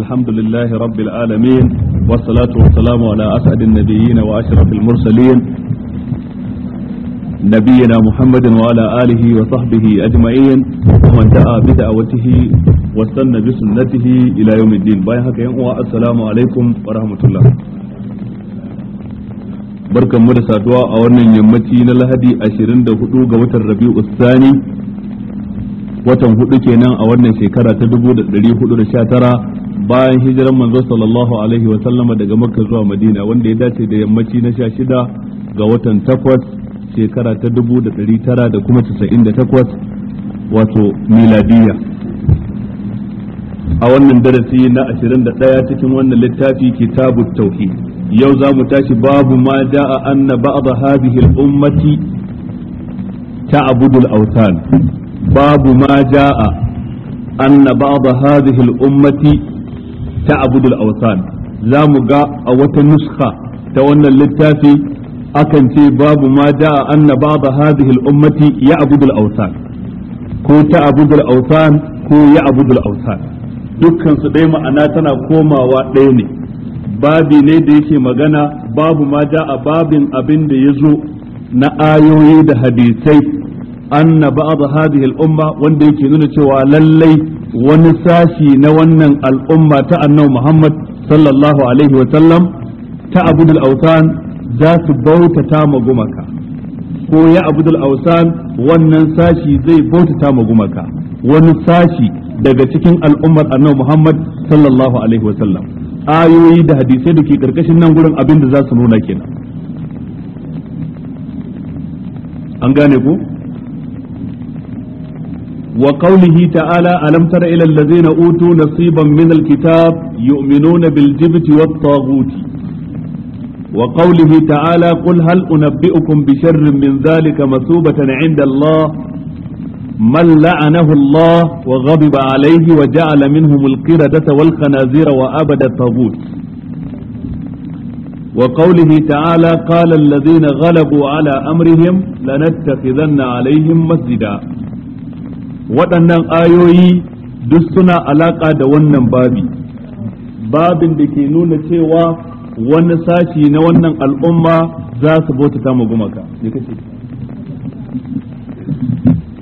الحمد لله رب العالمين والصلاة والسلام على أسعد النبيين وأشرف المرسلين نبينا محمد وعلى آله وصحبه أجمعين ومن دعا بدعوته واستنى بسنته إلى يوم الدين بايحك السلام عليكم ورحمة الله barkan mu da saduwa a wannan yammaci na lahadi 24 ga watan rabi'u sani watan hudu kenan a wannan shekara ta 1419 bayan hijiran manzo sallallahu alaihi wa sallama daga makka zuwa madina wanda ya dace da yammaci na sha shida ga watan takwas shekara ta dubu da ɗari tara da kuma casa'in da takwas wato miladiya a wannan darasi na ashirin da ɗaya cikin wannan littafi kitabu tauhid yau za mu tashi babu ma da'a anna ba'da hadhihi al-ummati ta'budu al-awthan babu ma da'a anna ba'da hadhihi al-ummati ta abudul awsan za mu ga a wata nuska ta wannan littafi akan ce babu ma da'a anna ba'da hadhihi al-ummati ya abudul awsan ko ta abudul awsan ko ya abudul awsan dukkan su dai ma'ana tana komawa ɗaya ne babi ne da yake magana babu ma da'a babin abin da ya zo na ayoyi da hadisai anna ba'd hadhihi al-umma wanda yake nuna cewa lallai wani sashi na wannan al'umma ta annabi Muhammad sallallahu alaihi wa sallam ta abudul autan za su bautata ma gumaka ko ya abudul autan wannan sashi zai bautata ma gumaka wani sashi daga cikin al'ummar annabi Muhammad sallallahu alaihi wa sallam ayoyi da hadisai da ke karkashin nan gurin abin da za su nuna kenan an gane ku وقوله تعالى ألم تر إلى الذين أوتوا نصيبا من الكتاب يؤمنون بالجبت والطاغوت وقوله تعالى قل هل أنبئكم بشر من ذلك مثوبة عند الله من لعنه الله وغضب عليه وجعل منهم القردة والخنازير وأبد الطاغوت وقوله تعالى قال الذين غلبوا على أمرهم لنتخذن عليهم مسجدا waɗannan ayoyi duk suna alaƙa da wannan babi babin da ke nuna cewa wani sashi na wannan al'umma za su bauta ta gumaka me kace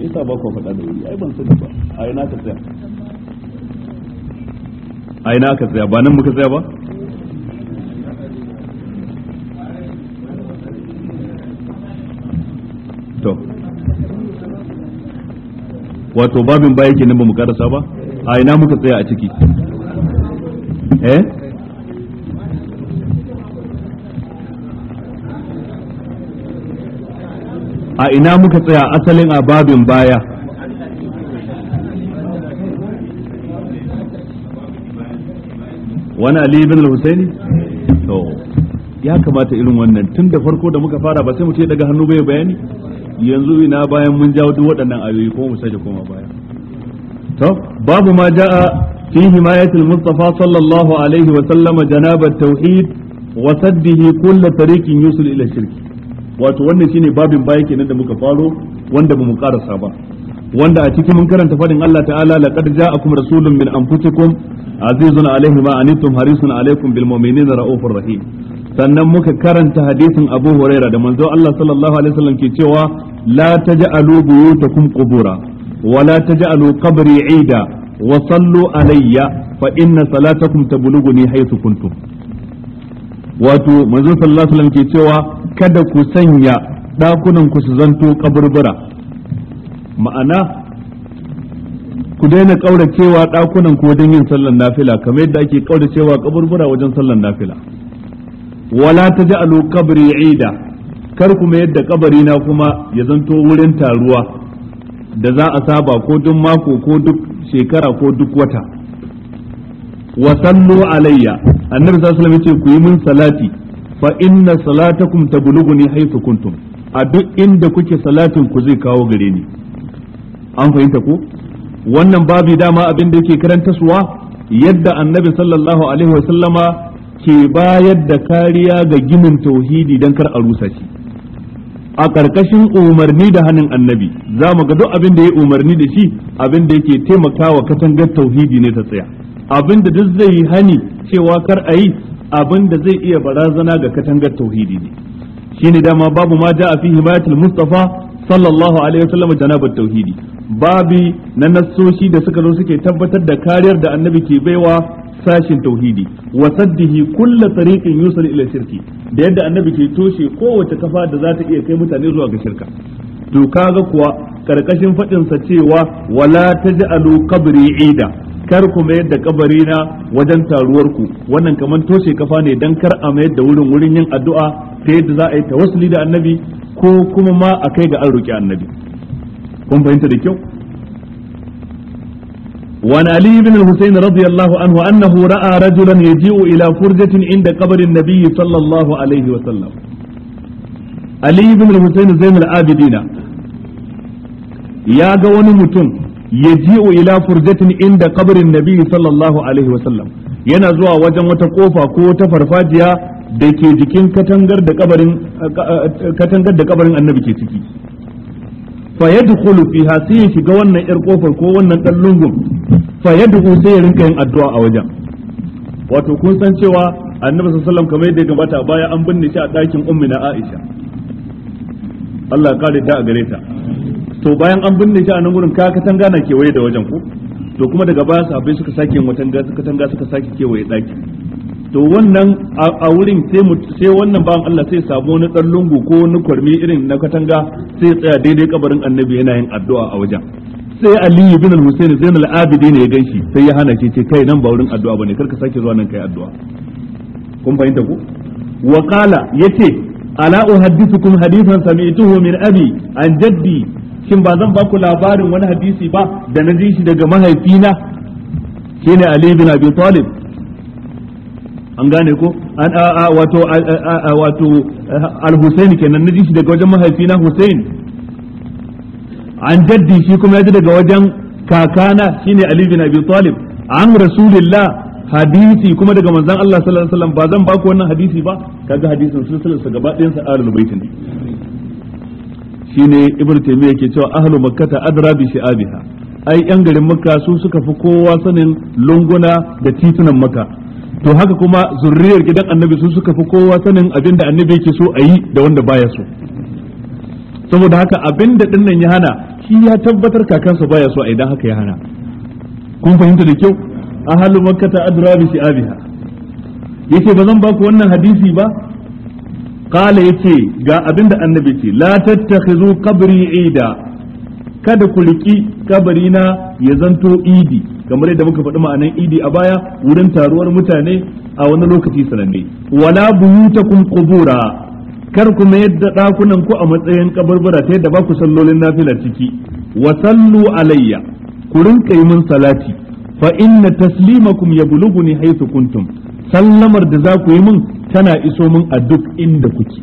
yasa ba ku faɗa da wuri ai ban sani ba ai na ka tsaya ai na ka tsaya ba nan muka tsaya ba wato babin baya nan ba mu karasa ba a ina muka tsaya a ciki eh a ina muka tsaya asalin a babin baya wani ali bin husaini to ya kamata irin wannan tun da farko da muka fara ba sai mu ce daga hannu bai bayani yanzu ina bayan mun jawo duk waɗannan ayoyi ko mu sake koma baya to babu ma jaa fi himayatil mustafa sallallahu alaihi wa sallama janabat tauhid wa saddihi kullu tariqin yusul ila shirk wato wannan shine babin baya kenan da muka faro wanda bamu karasa ba wanda a cikin mun karanta fadin Allah ta'ala laqad ja'akum rasulun min anfusikum azizun alaihi ma anittum harisun alaikum bil mu'minina raufur rahim sannan muka karanta hadisin Abu Huraira da manzo Allah sallallahu alaihi wasallam ke cewa la taj'alu buyutakum qubura wa la taj'alu qabri 'ida wa sallu alayya fa inna salatakum tabluguni haythu kuntum wato manzo sallallahu alaihi wasallam ke cewa kada ku sanya dakunan ku su zanto kaburbura ma'ana ku daina kauracewa dakunan ku wajen yin sallar nafila kamar yadda ake kauracewa kaburbura wajen sallar nafila wala ta taj'alu qabri 'ida kar ku mayar da kabari na kuma ya zanto wurin taruwa da za a saba ko duk mako ko duk shekara ko duk wata wa sallu alayya annabi sallallahu alaihi wasallam ku yi min salati fa inna salatakum tablughuni haythu kuntum a duk inda kuke salatin ku zai kawo gare ni an fahimta ko wannan babu dama abin da yake karantaswa yadda annabi sallallahu alaihi wasallama ke bayar da kariya ga ginin tauhidi don kar a rusa shi a ƙarƙashin umarni da hannun annabi za mu ga duk abin da ya umarni da shi abin da yake taimakawa katangar tauhidi ne ta tsaya abin da duk zai yi hani cewa kar a yi abin da zai iya barazana ga katangar tauhidi ne shine dama babu ma ja'a fi himayatul Mustapha sallallahu alaihi wasallam janabat tauhidi babi na nassoshi da suka zo suke tabbatar da kariyar da annabi ke baiwa sashin tauhidi wa saddihi kullu tariqin yusil ila shirki da yadda annabi ke toshe kowace kafa da za ta iya kai mutane zuwa ga shirka to kaga kuwa karkashin fadin sa cewa wala taj'alu qabri ida kar ku mayar da kabari na wajen taruwar ku wannan kaman toshe kafa ne dan kar a mayar da wurin wurin yin addu'a ta yadda za a yi tawassuli da annabi ko kuma ma a kai ga an ruki annabi kun fahimta da kyau وعن علي بن الحسين رضي الله عنه أنه رأى رجلا يجيء إلى فرجة عند قبر النبي صلى الله عليه وسلم علي بن الحسين زين العابدين يا قوان متون يجيء إلى فرجة عند قبر النبي صلى الله عليه وسلم yana zuwa wajen wata kofa ko ta farfajiya da ke jikin katangar da kabarin annabi ke ciki fa yadkhulu fiha sai ya shiga wannan yar kofar ko wannan dan lungun fa yad'u sai ya rinka yin addu'a a wajen wato kun san cewa annabi sallallahu alaihi wasallam kamar yadda gabata baya an binne shi a dakin ummi na Aisha Allah ya kare ta a gare ta to bayan an binne shi a nan gurin ka katanga na kewaye da wajen ku to kuma daga baya sahabbai suka sake watan katanga suka sake kewaye dakin to wannan a wurin sai wannan bawan Allah sai sabo na dan lungu ko wani kwarmi irin na katanga sai tsaya daidai kabarin annabi yana yin addu'a a wajen sai Ali ibn al-Husayn Zainul Abidin ya ganshi sai ya hana shi ce kai nan ba wurin addu'a bane karka sake zuwa nan kai addu'a kun fahimta ku wa qala yace ala uhaddithukum hadithan sami'tuhu min abi an jaddi shin ba zan ba ku labarin wani hadisi ba da na ji shi daga mahaifina shine Ali ibn Abi Talib an gane ko an a wato wato al-Husayn kenan naji shi daga wajen mahaifina Husayn an jaddi shi kuma yaji daga wajen kakana shine Ali bin Abi Talib an Rasulullah hadisi kuma daga manzon Allah sallallahu alaihi wasallam ba zan ba ku wannan hadisi ba kaga hadisin silsilar sa gaba ɗayan sa ahlul bait ne shine ibnu Taymiyyah yake cewa ahlu makkah adra bi shi'abiha ai yan garin makka su suka fi kowa sanin lunguna da titunan makka to haka kuma zurriyar gidan annabi su suka fi kowa sanin abin da annabi yake so a yi da wanda baya so saboda haka abin da dinnan ya hana shi ya tabbatar kakansa baya so a idan haka ya hana kun fahimta da kyau ahalu makka ta adra bi shi'abiha yace ba zan baku wannan hadisi ba qala yace ga abin da annabi ce la tattakhizu qabri ida kada ku riki kabari na ya zanto idi kamar yadda muka faɗi ma'anan idi a baya wurin taruwar mutane a wani lokaci sananne wala buyutakum qubura kar ku mayar da ɗakunan ku a matsayin kabarbara ta yadda ba ku sallolin nafila ciki wa sallu alayya ku rinka yi min salati fa inna taslimakum yablughuni haythu kuntum sallamar da za ku yi min tana iso min a duk inda kuke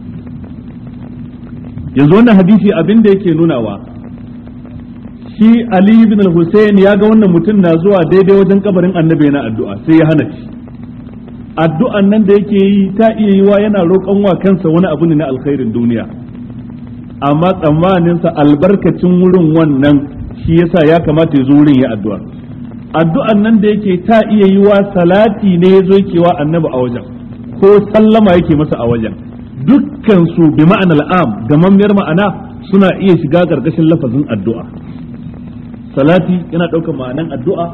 yanzu wannan hadisi abin da yake nunawa shi ali ibn al-husayn ya ga wannan mutum na zuwa daidai wajen kabarin annabi yana addu'a sai ya hana shi addu'an nan da yake yi ta iya yiwa yana roƙon wa kansa wani abu ne na alkhairin duniya amma tsammaninsa albarkacin wurin wannan shi yasa ya kamata ya zo wurin ya addu'a addu'an nan da yake ta iya yiwa salati ne ya zo yake annabi a wajen ko sallama yake masa a wajen dukkan su bi ma'anar am gamammiyar ma'ana suna iya shiga ƙarƙashin lafazin addu'a salati yana ɗaukar ma'anan addu'a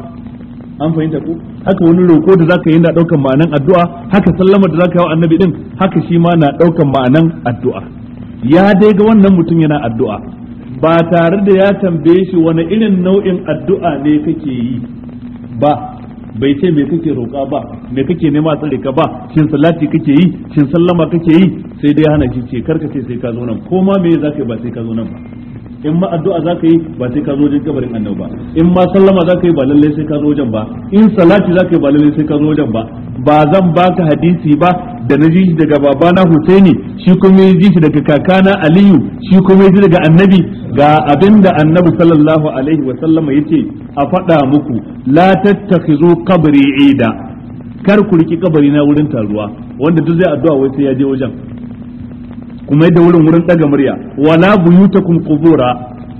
an fahimta ko haka wani roko da zaka yi na ɗaukar ma'anan addu'a haka sallama da zaka yi wa annabi din haka shi ma na ɗaukar ma'anan addu'a ya dai ga wannan mutum yana addu'a ba tare da ya tambaye shi wani irin nau'in addu'a ne kake yi ba bai ce me kake roƙa ba me kake nema tsare ka ba shin salati kake yi shin sallama kake yi sai dai hana shi ce karka ce sai ka zo nan ko ma me zaka yi ba sai ka zo nan ba in ma addu'a zaka yi ba sai ka zo wajen kabarin annabi ba in ma sallama zaka yi ba lalle sai ka zo wajen ba in salati zaka yi ba lalle sai ka zo wajen ba ba zan baka hadisi ba da na ji shi daga babana Husaini shi kuma ya ji shi daga kakana Aliyu shi kuma ya ji daga annabi ga abinda annabi sallallahu alaihi wa sallama yace a faɗa muku la tattakhizu qabri ida kar ku riki kabari na wurin taruwa wanda duk zai addu'a wai sai ya je wajen kuma yadda wurin wurin daga murya wala buyutakum qubura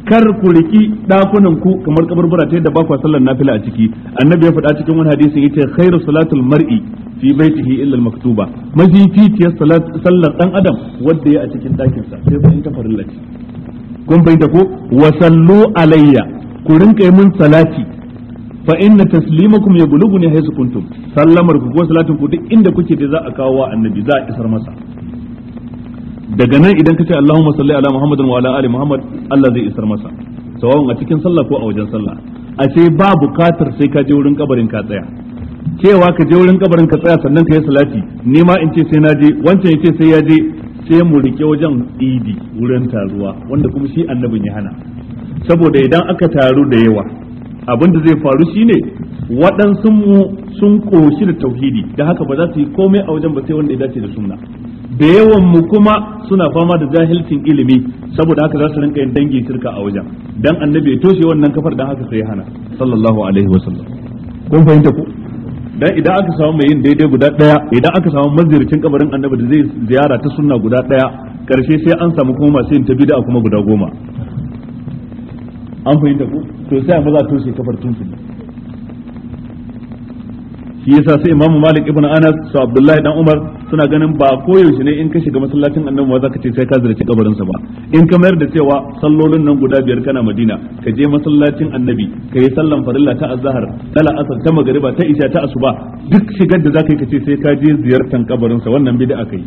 kar ku riki dakunan ku kamar kaburbura ta yadda ba ku sallar nafila a ciki annabi ya faɗa cikin wani hadisin yace khairu salatul mar'i fi baitihi illa al maktuba mafi fitiyar sallar dan adam wanda ya a cikin dakin sa sai ku ta farilla ce kun bai ko wa sallu alayya ku rinka yi mun salati fa inna taslimakum yablughuni haythu kuntum sallamar ku ko salatin ku duk inda kuke da za a kawo wa annabi za a isar masa daga nan idan ka ce Allahumma salli ala Muhammadin wa ala ali Muhammad Allah zai isar masa sawawun a cikin sallah ko a wajen sallah a ce ba bukatar sai ka je wurin kabarin ka tsaya cewa ka je wurin kabarin ka tsaya sannan ka yi salati ni ma in ce sai na je wancan yace sai ya je sai mu rike wajen idi wurin taruwa wanda kuma shi annabin ya hana saboda idan aka taru da yawa abin da zai faru shine waɗansu mu sun koshi da tauhidi da haka ba za su yi komai a wajen ba sai wanda ya dace da sunna da yawan mu kuma suna fama da jahilcin ilimi saboda haka za su rinka yin dangin shirka a wajen dan annabi ya toshe wannan kafar dan haka sai hana sallallahu alaihi wasallam kun fahimta ko dan idan aka samu mai yin daidai guda daya idan aka samu mazircin kabarin annabi da zai ziyara ta sunna guda daya karshe sai an samu kuma masu yin tabida kuma guda goma an fahimta ko to sai a maza toshe kafar tun shi yasa sai imamu malik ibn anas su abdullahi dan umar suna ganin ba ko yaushe ne in ka shiga masallacin annabi za ka ce sai ka ziyarci kabarin sa ba in ka mayar da cewa sallolin nan guda biyar kana madina ka je masallacin annabi ka yi sallan farilla ta azhar ta asar ta magariba ta isha ta asuba duk shigar da za ka yi ka ce sai ka je ziyartan kabarin sa wannan bid'a kai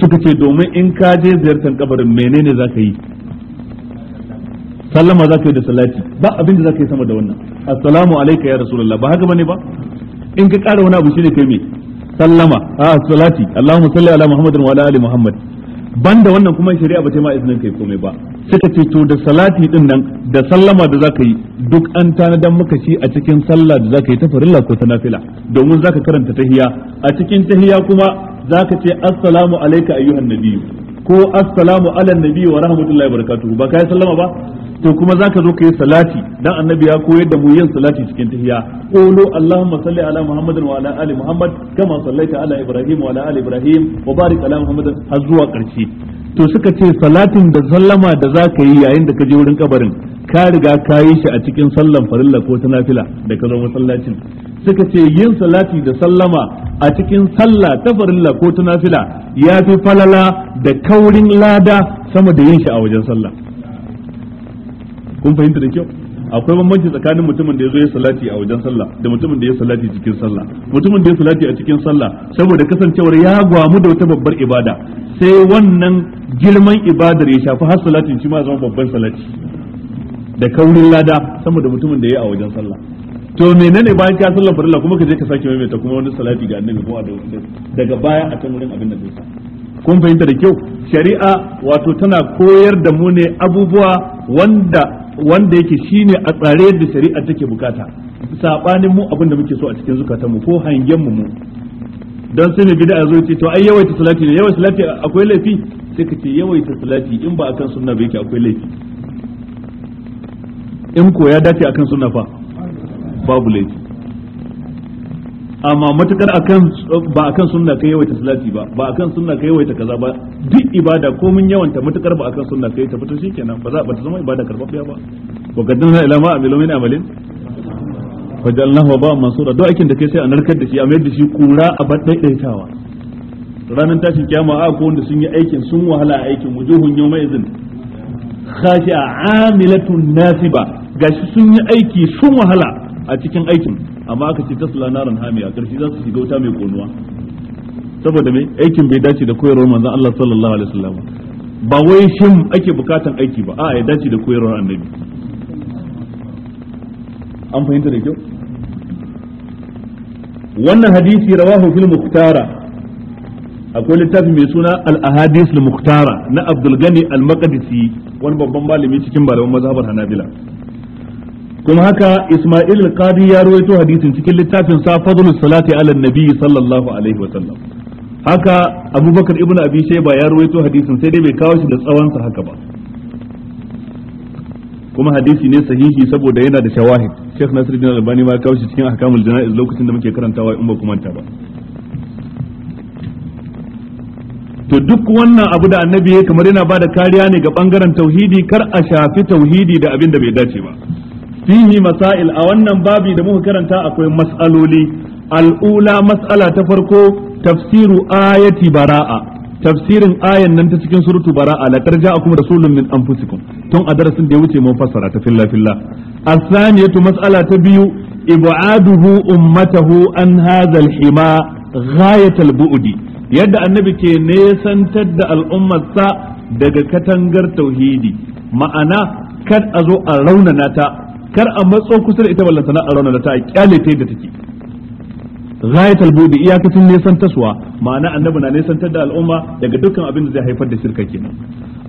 suka ce domin in ka je ziyartar kabarin menene za ka yi sallama za ka yi da salati ba abin da ka yi sama da wannan assalamu alayka ya rasulullah ba haka bane ba in ka ƙara wani abu shine kai me sallama a ah, salati allahumma salli ala muhammadin wa ala ali muhammad banda wannan kuma shari'a ba ce ma izinin kai komai ba suka ce to da salati din nan da sallama da za ka yi duk an tanadan maka shi a cikin sallah da za ka yi ta farilla ko ta nafila domin za ka karanta tahiya a cikin tahiya kuma za ka ce assalamu alayka ayyuhan nabiyyu ko assalamu ala nabi wa rahmatullahi wa barakatuhu ba kai sallama ba to kuma zaka zo kai salati dan annabi ya koyar da mu yin salati cikin tahiyya qulu allahumma salli ala muhammadin wa ala ali muhammad kama sallaita ala ibrahim wa ala ali ibrahim wa barik ala muhammadin har zuwa karshe to suka ce salatin da sallama da za ka yi yayin da ka je wurin kabarin ka riga ka yi shi a cikin sallan farilla ko ta nafila da ka zo masallacin suka ce yin salati da sallama a cikin sallah ta farilla ko ta nafila ya fi falala da kaurin lada sama da yin shi a wajen sallah kun fahimta da kyau akwai bambanci tsakanin mutumin da ya zo ya salati a wajen sallah da mutumin da ya salati cikin sallah mutumin da ya salati a cikin sallah saboda kasancewar ya gwamu da wata babbar ibada sai wannan girman ibadar ya shafi har salatin shi ma zama babban salati da kaurin lada sama da mutumin da ya a wajen sallah to menene bayan ka sallar farilla kuma ka je ka sake maimaita kuma wani salati ga annabi kuma daga baya a can wurin abin da zai kun fahimta da kyau shari'a wato tana koyar da mu ne abubuwa wanda wanda yake shine a tsare yadda shari'a take bukata sabanin mu abin da muke so a cikin zukatan mu ko hangen mu mu dan sai ne bid'a zo ce to ai yawaita salati ne yawaita salati akwai laifi sai ka ce yawaita salati in ba akan sunna ba yake akwai laifi in ko ya dace akan sunna fa babu laifi amma matukar akan ba akan sunna ka yawaita salati ba ba akan sunna ka yawaita kaza ba duk ibada ko mun yawanta matukar ba akan sunna kai ta fito shikenan ba za ba ta zama ibada karbabbiya ba wa qaddamna ila ma amilu min amalin fajalnahu ba mansura duk aikin da kai sai a narkar da shi a mayar da shi kura a bar daidaitawa Ranan tashin kiyama a ko wanda sun yi aikin sun wahala a aikin wujuhun yawma izin khashi'a amilatun nasiba gashi sun yi aiki sun wahala a cikin aikin amma aka ce tasla naran hamiya karshe za su shiga wuta mai konuwa saboda me aikin bai dace da koyarwar manzon Allah sallallahu alaihi wasallam ba wai shin ake bukatan aiki ba a'a ya dace da koyarwar annabi an fahimta da kyau wannan hadisi rawahu fil muktara akwai littafi mai suna al-ahadis al-muktara na abdul gani al-maqdisi wani babban malami cikin malaman mazhabar hanabila kuma haka Isma'il al-Qadi ya rawaito hadisin cikin littafin sa Fadlus Salati ala Nabi sallallahu alaihi wa sallam haka Abubakar ibn Abi Shayba ya rawaito hadisin sai dai bai kawo shi da tsawon sa haka ba kuma hadisi ne sahihi saboda yana da shawahid Sheikh Nasiruddin Albani ma ya kawo shi cikin ahkamul janaiz lokacin da muke karantawa in ba kuma ba to duk wannan abu da annabi ya kamar yana bada kariya ne ga bangaren tauhidi kar a shafi tauhidi da abin da bai dace ba fihi masail a wannan babi da muka karanta akwai mas'aloli al'ula mas'ala ta farko tafsiru ayati bara'a tafsirin ayan nan ta cikin suratu bara'a la tarja'akum rasulun min anfusikum tun a darasin da ya wuce mun fassara ta filla filla as-saniyatu mas'ala ta biyu ib'aduhu ummatahu an hadha al-hima ghayat al-bu'di yadda annabi ke nesantar da al'ummarsa daga katangar tauhidi ma'ana kad a zo a raunana ta kar a matso kusa da ita ballanta na arona da ta kyale ta yadda take ghayat albudi iyakacin nesan taswa ma'ana annabi na nesantar da al'umma daga dukkan abin da zai haifar da shirka kenan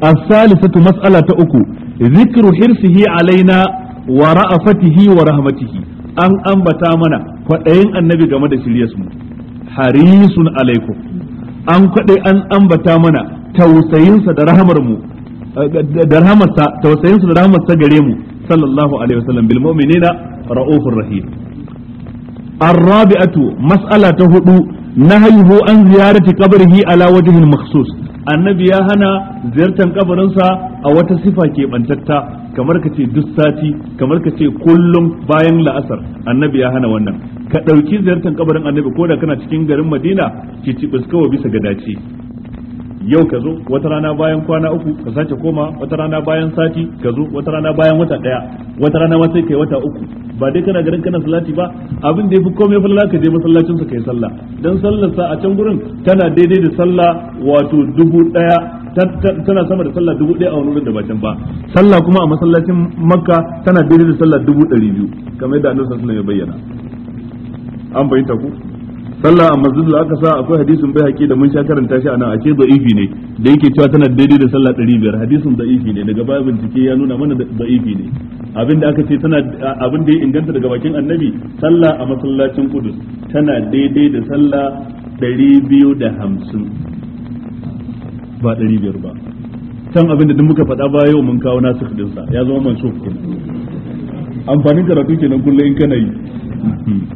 as-salisatu mas'ala ta uku zikru hirsihi alaina wa ra'afatihi wa rahmatihi an ambata mana kwaɗayin annabi game da shiryarsu mu harisun alaikum an kwaɗe an ambata mana tausayinsa da rahmar mu da rahamarsa tausayinsa da gare mu sallallahu alaihi wasallam bil mu'minina ra'ufur rahim الرابعة مسألة هدو نهيه عن زيارة قبره على وجه مخصوص annabi ya hana ziyartar kabarinsa a wata sifa keɓantatta kamar ka ce duk sati kamar ka ce kullum bayan la'asar annabi ya hana wannan ka ɗauki ziyartar kabarin annabi ko da kana cikin garin madina ki ci kawai bisa ga dace yau ka zo wata rana bayan kwana uku ka sace koma wata rana bayan sati ka zo wata rana bayan wata daya wata rana ma sai kai wata uku ba dai kana garin kana salati ba abin da yafi komai fa ka je masallacin sa kai sallah dan sallar sa a can gurin tana daidai da sallah wato dubu daya tana sama da sallah dubu daya a wani wurin da ba can ba sallah kuma a masallacin makka tana daidai da sallah dubu ɗari biyu kamar yadda annabi sallallahu alaihi wasallam ya bayyana an bayyana ku sallah a masjid da aka sa akwai hadisin bai haƙi da mun sha karanta shi anan ake ce da'ifi ne da yake cewa tana daidai da sallah 500 hadisin da'ifi ne daga baya bincike ya nuna mana da'ifi ne abin da aka ce tana abin da ya inganta daga bakin annabi sallah a masallacin kudus tana daidai da sallah 250 ba 500 ba can abin da duk muka faɗa ba yau mun kawo nasu din sa ya zama mansuf amfanin karatu kenan kullum in kana yi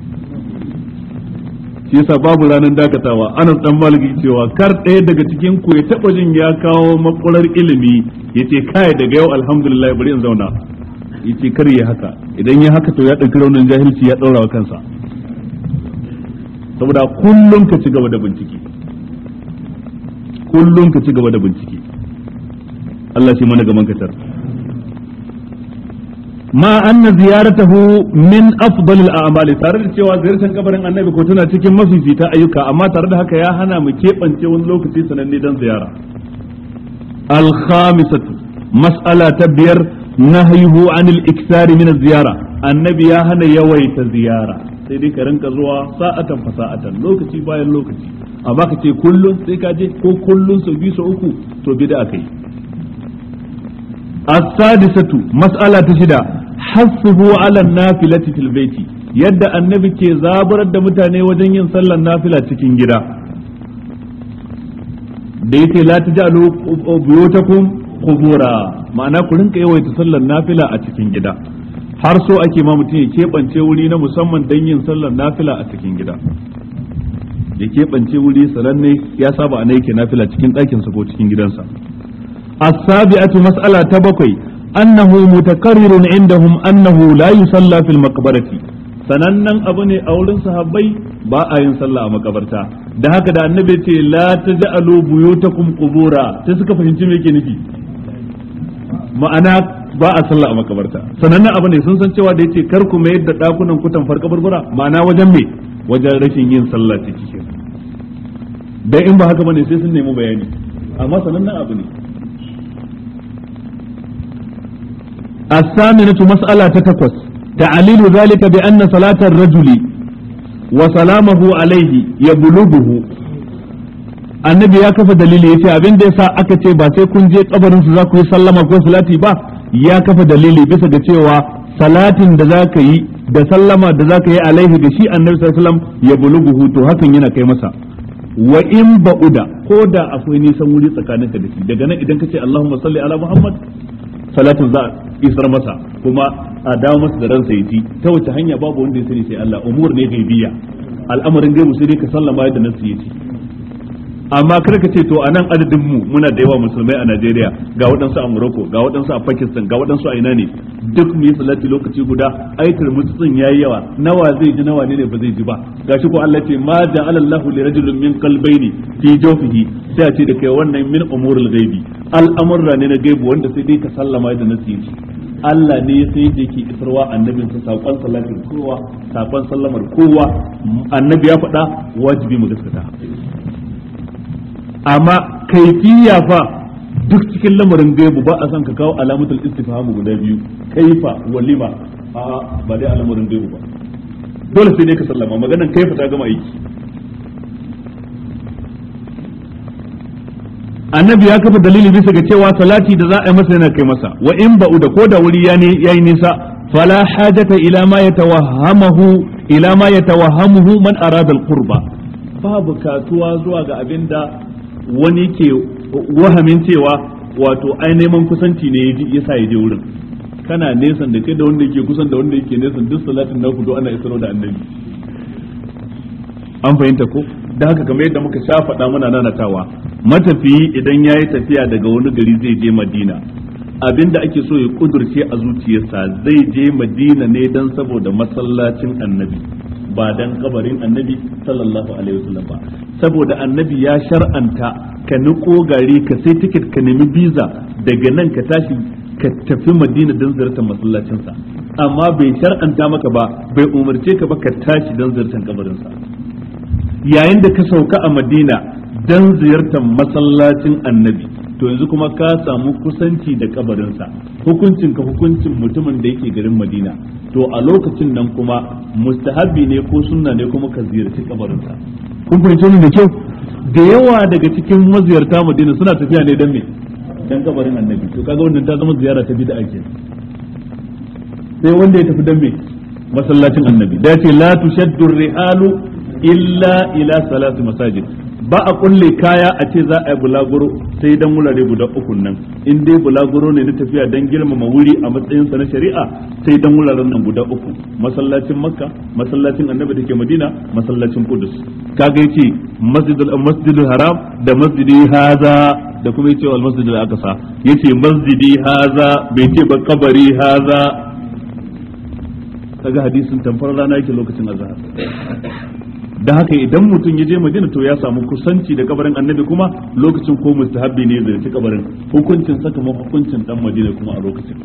shi yasa babu ranar dakatawa ana dan maliki cewa kar ɗaya daga cikin ku ya taba jin ya kawo makular ilimi yace kai daga yau alhamdulillah bari in zauna yace kar ya haka idan ya haka to ya dauki raunin jahilci ya daura kansa saboda kullum ka ci gaba da bincike kullum ka ci gaba da bincike Allah shi mana gaban katar ma anna ziyaratahu min afdal al-a'mali tare da cewa ziyartar kabarin annabi ko tana cikin mafi mafifita ayyuka amma tare da haka ya hana mu keɓance wani lokaci sananne dan ziyara al-khamisatu mas'ala ta biyar nahyuhu anil iktari min ziyara annabi ya hana yawaita ziyara sai dai ka rinka zuwa sa'atan fa sa'atan lokaci bayan lokaci a baka ce kullum sai ka je ko kullum sau biyu sau uku to bid'a kai as-sadisatu mas'ala ta shida hassuhu ala nafilati fil baiti yadda annabi ke zaburar da mutane wajen yin sallar nafila cikin gida da yace la tajalu buyutakum qubura ma'ana ku rinka yawaita sallar nafila a cikin gida har so ake ma mutum ya keɓance wuri na musamman don yin sallar nafila a cikin gida ya keɓance wuri sananne ya saba ana yake nafila cikin ɗakinsa ko cikin gidansa A asabi'atu mas'ala ta bakwai annahu mutakarrirun indahum annahu la yusalla fil maqbarati sanannen abu ne a wurin sahabbai ba a yin sallah a makabarta da haka da annabi ce la taj'alu buyutakum qubura ta suka fahimci me yake nufi ma'ana ba a sallah a makabarta sanannen abu ne sun san cewa da yace kar ku mai yadda dakunan kutan farka barbara ma'ana wajen me wajen rashin yin sallah ciki da in ba haka bane sai sun nemi bayani amma sanannen abu ne A saminatu mas'ala ta takwas ta'alilu zalika bi anna salatar rajuli wa salamahu annabi ya kafa dalili ce abin da ya sa aka ce ba sai kun je kabarin su za ku yi sallama ko salati ba ya kafa dalili bisa ga cewa salatin da za ka yi da sallama da za ka yi alaihi da shi annabi ya buluguhu to hakan yana kai masa wa in ba'uda ko da akwai nisan wuri tsakaninka da shi daga nan idan ka ce Allahumma salli ala Muhammad salatu za isar masa kuma a dawo masa da ransa ya ci ta wace hanya babu wanda ya sani sai Allah umur ne gaibiya al'amarin gaibu sai dai ka sallama yadda nasu ya ci amma kar ka ce to a nan adadin mu muna da yawa musulmai a Najeriya ga waɗansu a Morocco ga waɗansu a Pakistan ga waɗansu a ina ne duk mu yi salati lokaci guda aitar mutum yayi yawa nawa zai ji nawa ne ne ba zai ji ba gashi ko Allah ce ma ja'ala Allahu li rajulin min qalbayni fi jawfihi sai a ce da kai wannan min umurul ghaibi al'amurra ne na gaibu wanda sai dai ka sallama da nasihi Allah ne ya san yadda ke isarwa annabin sa sakon salatin kowa sakon sallamar kowa annabi ya faɗa wajibi mu gaskata amma kaifiya fa duk cikin lamarin gaibu ba a san ka kawo alamatul istifhamu guda biyu kaifa walima a ba dai alamarin gaibu ba dole sai ne ka sallama maganar kaifa ta gama aiki annabi ya kafa dalili bisa ga cewa salati da za a yi masa yana kai masa wa in ba'u da ko da wuri ya yi nisa fala hajata ila ma yatawahhamuhu ila ma yatawahhamuhu man arada al-qurba babu kasuwa zuwa ga abinda wani ke wahamin cewa wato ai neman kusanci ne ya sa ya je wurin kana nesan da kai da wanda yake kusan da wanda yake nesan duk salatin naku do ana isaro da annabi an fahimta ko da haka kamar yadda muka sha faɗa muna nanatawa matafiyi idan ya yi tafiya daga wani gari zai je madina abinda ake so ya kudurce a zuciyarsa zai je madina ne don saboda masallacin annabi ba dan kabarin annabi sallallahu alaihi wasallam ba saboda annabi ya shar'anta ka niko gari ka sai tiket ka nemi biza daga nan ka tashi ka tafi madina don ziyartar masallacinsa amma bai shar'anta maka ba bai umarce ka ba ka tashi don ziyartar ƙabarinsa. yayin da ka sauka a madina don ziyartar masallacin annabi to yanzu kuma ka samu kusanci da ƙabarinsa. hukuncin ka hukuncin mutumin da yake garin Madina to a lokacin nan kuma mustahabi ne ko sunna ne kuma ka ziyarci kabarinsa kun fahimci ni da kyau da yawa daga cikin maziyarta Madina suna tafiya ne dan me dan kabarin Annabi to kaga wannan ta zama ziyara ta bid'a ke sai wanda ya tafi dan me masallacin Annabi da ce la tushaddu rihalu illa ila salati masajid ba a kulle kaya a ce za a yi bulaguro sai dan wurare guda uku nan in dai bulaguro ne na tafiya dan girmama wuri a matsayinsa na shari'a sai dan wuraren nan guda uku masallacin makka masallacin annabi da ke madina masallacin kudus kaga yace masjidul masjidul haram da masjidi haza da kuma yace wal masjidul aqsa yace masjidi haza bai ce ba kabari haza kaga hadisin tamfar rana yake lokacin azhar da haka idan mutum ya je madina to ya samu kusanci da kabarin annabi kuma lokacin ko mustahabbi ne ci kabarin hukuncin saka mu hukuncin dan madina kuma a lokacin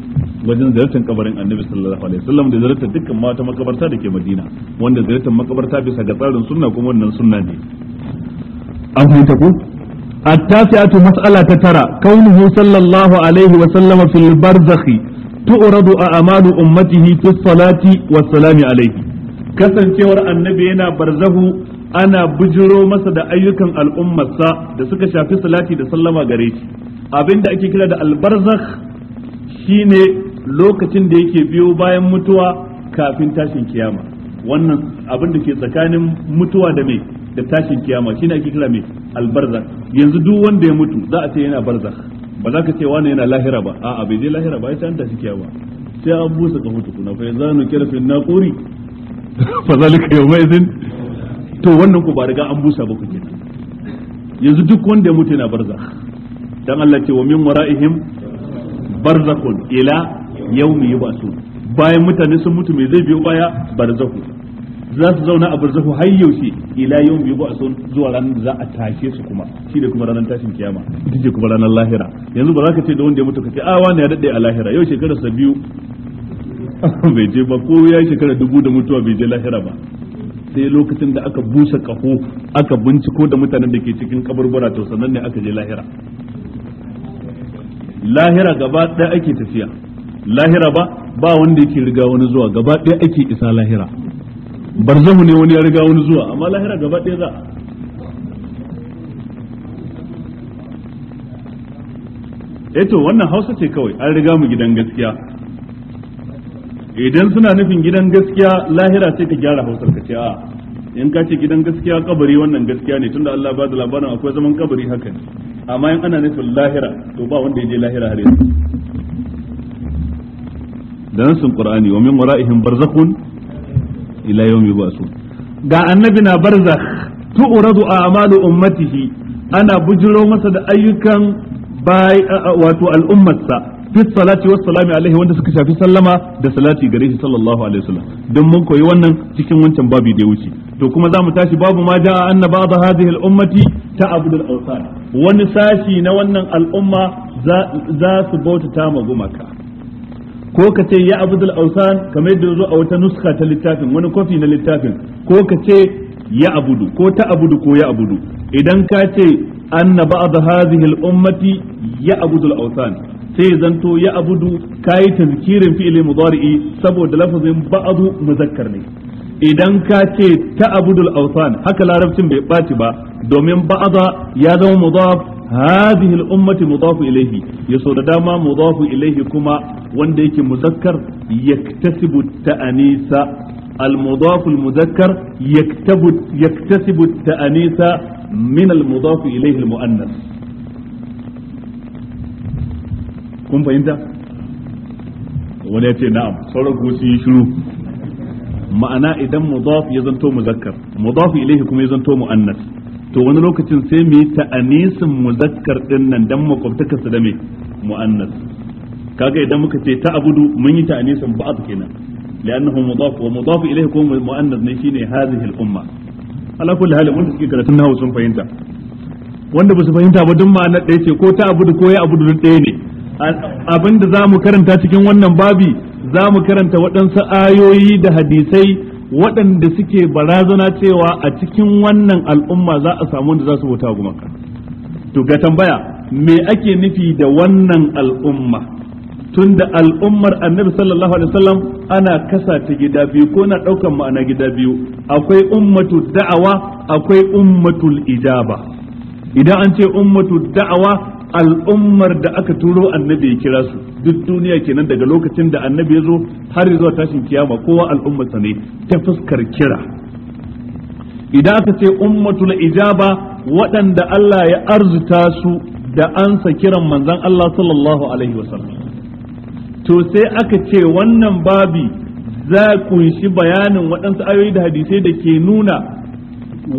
wajen ziyartar kabarin annabi sallallahu alaihi wasallam da ziyartar dukkan mata makabarta da ke madina wanda ziyartar makabarta bisa ga tsarin sunna kuma wannan sunna ne an fahimta ku التاسعة مسألة ترى كونه صلى الله عليه وسلم في البرزخ amalu ummatihi أمته salati wa salami alaihi kasancewar annabi yana barzahu ana bujiro masa da ayyukan al'ummarsa da suka shafi salati da sallama gare shi da ake kira da albarzakh shine lokacin da yake biyo bayan mutuwa kafin tashin kiyama wannan abin da ke tsakanin mutuwa da mai da tashin kiyama shine ake kira mai albarzakh yanzu duk wanda ya mutu za a ce yana barzakh ba za ka ce wani yana lahira ba a'a bai je lahira ba ya ta an kiyama sai an busa kafa kuna fa yanzu kira fi naquri fa zalika yawma idin to wannan ku ba riga an busa ba ku kenan yanzu duk wanda ya mutu yana barza. dan Allah ce wa min wara'ihim barzakhun ila yawmi yub'asun bayan mutane sun mutu me zai biyo baya barzakhu za su zauna a barzakhu har yaushe ila yawmi yub'asun zuwa ranar da za a tashe su kuma shi da kuma ranar tashin kiyama ita ce kuma ranar lahira yanzu ba za ka ce da wanda ya mutu ka ce a wani ya dade a lahira yau shekarar sa biyu bai je ba ko ya shekara dubu da mutuwa bai je lahira ba sai lokacin da aka busa kaho aka binciko da mutanen da ke cikin kaburbura to sannan ne aka je lahira lahira gaba ɗaya ake tafiya lahira ba ba wanda yake riga wani zuwa gaba ɗaya ake isa lahira barzahu ne wani ya riga wani zuwa amma lahira gaba ɗaya za eto eh wannan hausa ce kawai an riga mu gidan gaskiya idan suna nufin gidan gaskiya lahira sai ka gyara hausar ka ce a in ka ce gidan gaskiya kabari wannan gaskiya ne tunda Allah ba da labarin akwai zaman kabari haka ne amma in ana nufin lahira to ba wanda ya je lahira har yanzu da sun qur'ani wa min wara'ihim barzakhun ila yawmi ba'su ga annabi na barzakh tu'radu a'malu ummatihi ana bujiro masa da ayyukan wato al'ummarsa fi salati was salami alaihi wanda suka shafi sallama da salati gare shi sallallahu alaihi wasallam don mun koyi wannan cikin wancan babu da ya wuce to kuma za mu tashi babu ma jaa anna ba'd hadhihi al ummati ta'budu al awthan wani sashi na wannan al'umma za su bautata ma gumaka ko ka ce ya abudul ausan kamar yadda zo a wata nuska ta littafin wani kofi na littafin ko ka ce ya abudu ko ta abudu ko ya abudu idan ka ce anna ba'd hadhihi al ummati ya abudul ausan sai zanto ya abudu kayi tazkirin fi'ili mudari'i saboda lafazin ba'adu muzakkar ne idan ka ce ta abudul awsan haka larabcin bai ɓaci ba domin ba'ada ya zama mudaf hadhihi al-ummati mudafu ilayhi yaso da dama mudafu ilayhi kuma wanda yake muzakkar yaktasibu ta'anisa المضاف المذكر يكتب يكتسب التأنيث من المضاف إليه المؤنث kun fahimta wani ya ce na'am sauran ku sun yi shiru ma'ana idan mudaf ya zanto muzakkar mudaf ilayhi kuma ya zanto muannas to wani lokacin sai mu yi ta'anisin muzakkar din nan dan makwabtaka su da me muannas kaga idan muka ce ta abudu mun yi ta'anisin ba'd kenan لأنه مضاف ومضاف إليه كون مؤنث نشين هذه الأمة على كل حال wanda suke karatun nahawu sun fahimta wanda ba su fahimta ba duk ma'anar ɗaya ce ko ta abudu ko ya abudu duk ɗaya ne abin da za mu karanta cikin wannan babi za mu karanta waɗansu ayoyi da hadisai waɗanda suke barazana cewa a cikin wannan al'umma za a samu wanda za su bauta gumaka to ga tambaya me ake nufi da wannan al'umma tun da al'ummar annabi sallallahu alaihi wasallam ana kasa ta gida biyu ko na ɗaukan ma'ana gida biyu akwai ummatu da'awa akwai ummatul ijaba idan an ce ummatu da'awa al'ummar da aka turo annabi ya kira su duk duniya kenan daga lokacin da annabi ya zo har zuwa tashin kiyama kowa sa ne ta fuskar kira idan aka ce ummatul ijaba waɗanda Allah ya arzuta su da ansa kiran manzon Allah sallallahu alaihi wasallam to sai aka ce wannan babi za kunshi bayanin waɗansu ayoyi da hadisai da ke nuna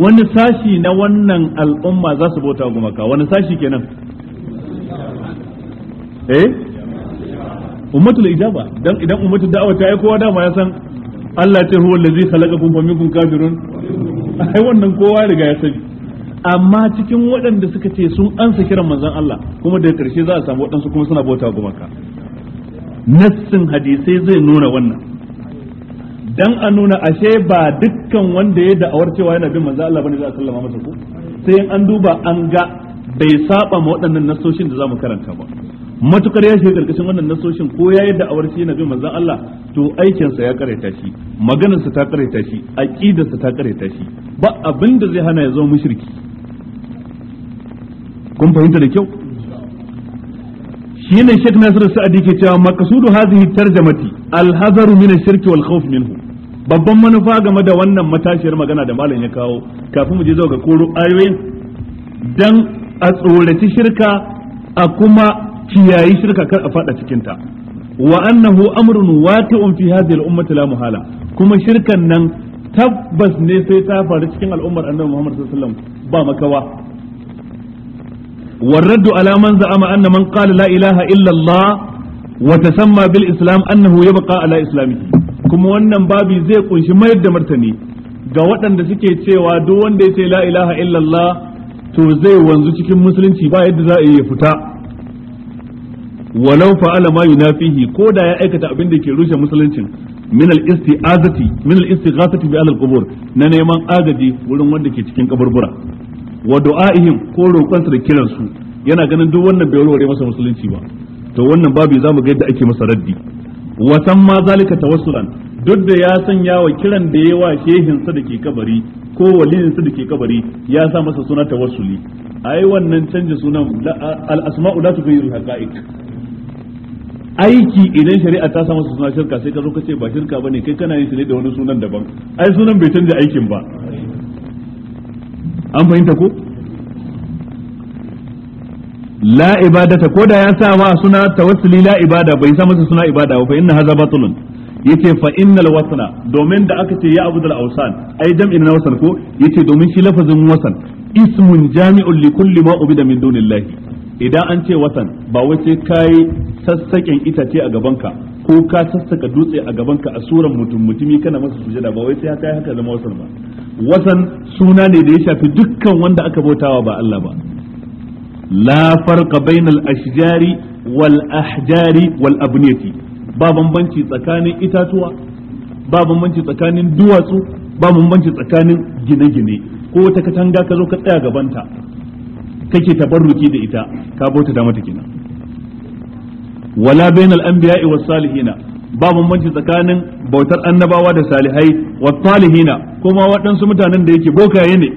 wani sashi na wannan al'umma za su bauta gumaka wani sashi kenan eh ummatul ijaba dan idan ummatul da'awa ta yi kowa dama ya san Allah ta huwa allazi khalaqakum fa minkum kafirun ai wannan kowa riga ya sani amma cikin waɗanda suka ce sun ansa kiran manzon Allah kuma da karshe za a samu waɗansu kuma suna bauta maka. nassin hadisai zai nuna wannan dan a nuna ashe ba dukkan wanda ya da'awar cewa yana bin manzon Allah bane za a sallama masa sai an duba an ga bai saba ma waɗannan nassoshin da zamu karanta ba matukar ya shiga karkashin wannan nasoshin ko ya yadda awar shi na bin manzan Allah to aikinsa ya karaita shi maganarsa ta karaita shi aqidarsa ta karaita shi ba abin da zai hana ya zama mushriki kun fahimta da kyau shine Sheikh Nasir Sa'adi ke cewa maqsudu hadhihi tarjamati al-hazaru min ash-shirki wal khawf minhu babban manufa game da wannan matashiyar magana da malam ya kawo kafin mu je zuwa ga koro ayoyin dan a tsoraci shirka a kuma kiyayi shirka kar a fada cikin ta wa annahu amrun waqi'un fi hadhihi al-ummati la muhala kuma shirkan nan tabbas ne sai ta faru cikin al'ummar annabi Muhammad sallallahu alaihi wasallam ba makawa والرد على من زعم أن من قال لا إله إلا الله وتسمى بالإسلام أنه يبقى على إسلامه كم wannan babi zai ƙunshi mayar da martani ga waɗanda suke cewa duk wanda ya ce la ilaha illallah to zai wanzu cikin musulunci ba yadda za a yi fita walau fa'ala ma yunafihi ko da ya aikata abin da ke rushe musuluncin min al-isti'azati min al-istighathati bi al-qubur na neman agaji wurin wanda ke cikin kaburbura wa du'a'ihim ko roƙon su da kiran su yana ganin duk wannan bai warware masa musulunci ba to wannan babu zamu ga yadda ake masa raddi wa ma zalika tawassulan duk da ya sanya wa kiran da ya wa shehin sa dake kabari ko walin sa dake kabari ya sa masa suna tawassuli ai wannan canja sunan al asma'u la tughayyiru haqa'iq aiki idan shari'a ta samu suna shirka sai ka zo ka ce ba shirka bane kai kana yin shi ne da wani sunan daban ai sunan bai canza aikin ba an fahimta ko la ibadata ko da ya sa ma suna tawassuli la ibada bai sa masa suna ibada ba fa inna hadha batulun yace fa innal wasna domin da aka ce ya abudul awsan ai jam'in na wasan ko yace domin shi lafazin wasan ismun jami'un li kulli ma ubida min dunillahi idan an ce watan ba wai sai kai sassaken itace a gabanka ko ka sassaka dutse a gabanka a suran mutum mutumi kana masa sujada ba wai sai kai haka zama wasan ba wasan suna ne da ya shafi dukkan wanda aka bautawa ba Allah ba la farqa bainal ashjari wal ahjari wal abniyati ba bambanci tsakanin itatuwa ba bambanci tsakanin duwatsu ba bambanci tsakanin gine-gine ko wata katanga ka zo ka tsaya gabanta kake tabarruki da ita ka bautata mata kenan wala bainal anbiya'i was salihina ba bambanci tsakanin bautar annabawa da salihai wa salihina kuma waɗansu mutanen da yake bokaye ne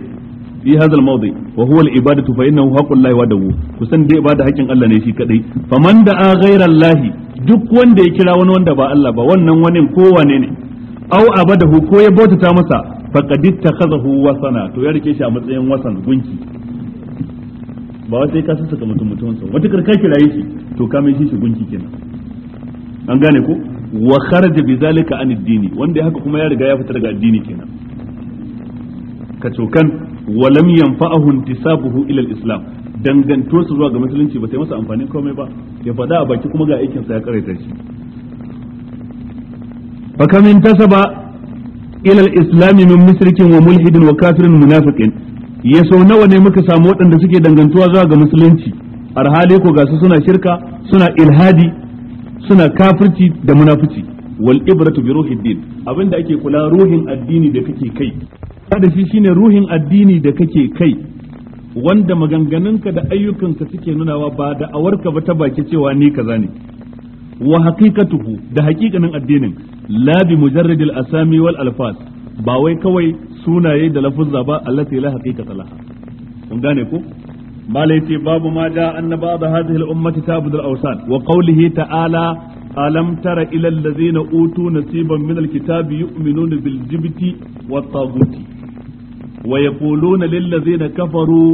fi hadal mawdi wa huwa al ibadatu fa innahu haqqul lahi dawu kusan dai ibada haƙin Allah ne shi kadai faman da ghayra lahi duk wanda ya kira wani wanda ba Allah ba wannan wani kowane ne aw abadahu ko ya bautata masa faqad ittakhadahu wasana to ya rike shi a matsayin wasan gunki ba wai sai ka sassaka mutum mutumin sa matukar ka kiraye shi to ka mai shi gunki kenan an gane ko wa kharaja bi zalika an ad-dini wanda haka kuma ya riga ya fita daga addini kenan ka cokan wa lam yanfa'ahu intisabuhu ila al-islam dangantuwar zuwa ga musulunci ba ta yi masa amfani komai ba ya faɗa a baki kuma ga aikin sa ya karaita shi fa kam intasaba ila al-islam min mushrikin wa mulhidin wa kafirin munafiqin ya so nawa ne muka samu waɗanda suke dangantuwa zuwa ga musulunci arhali ko gasu suna shirka suna ilhadi suna kafirci da munafici wal ibratu bi ruhi din abinda ake kula ruhin addini da kake kai da shi shine ruhin addini da kake kai wanda maganganunka da ayyukanka suke nunawa ba da awarka ba ta baki cewa ni kaza ne wa haqiqatuhu da haqiqanin addinin la bi mujarrad al asami wal alfas ba wai kawai sunaye da lafuzza ba allati la haqiqata laha kun gane ko malai ce babu ma da annaba da hadhihi al-ummati ta'budu al-awsan wa qawlihi ta'ala alam tara ila allazina utu nasiban min al-kitabi yu'minuna bil jibti wat taguti wa yaquluna lil ladzina kafaru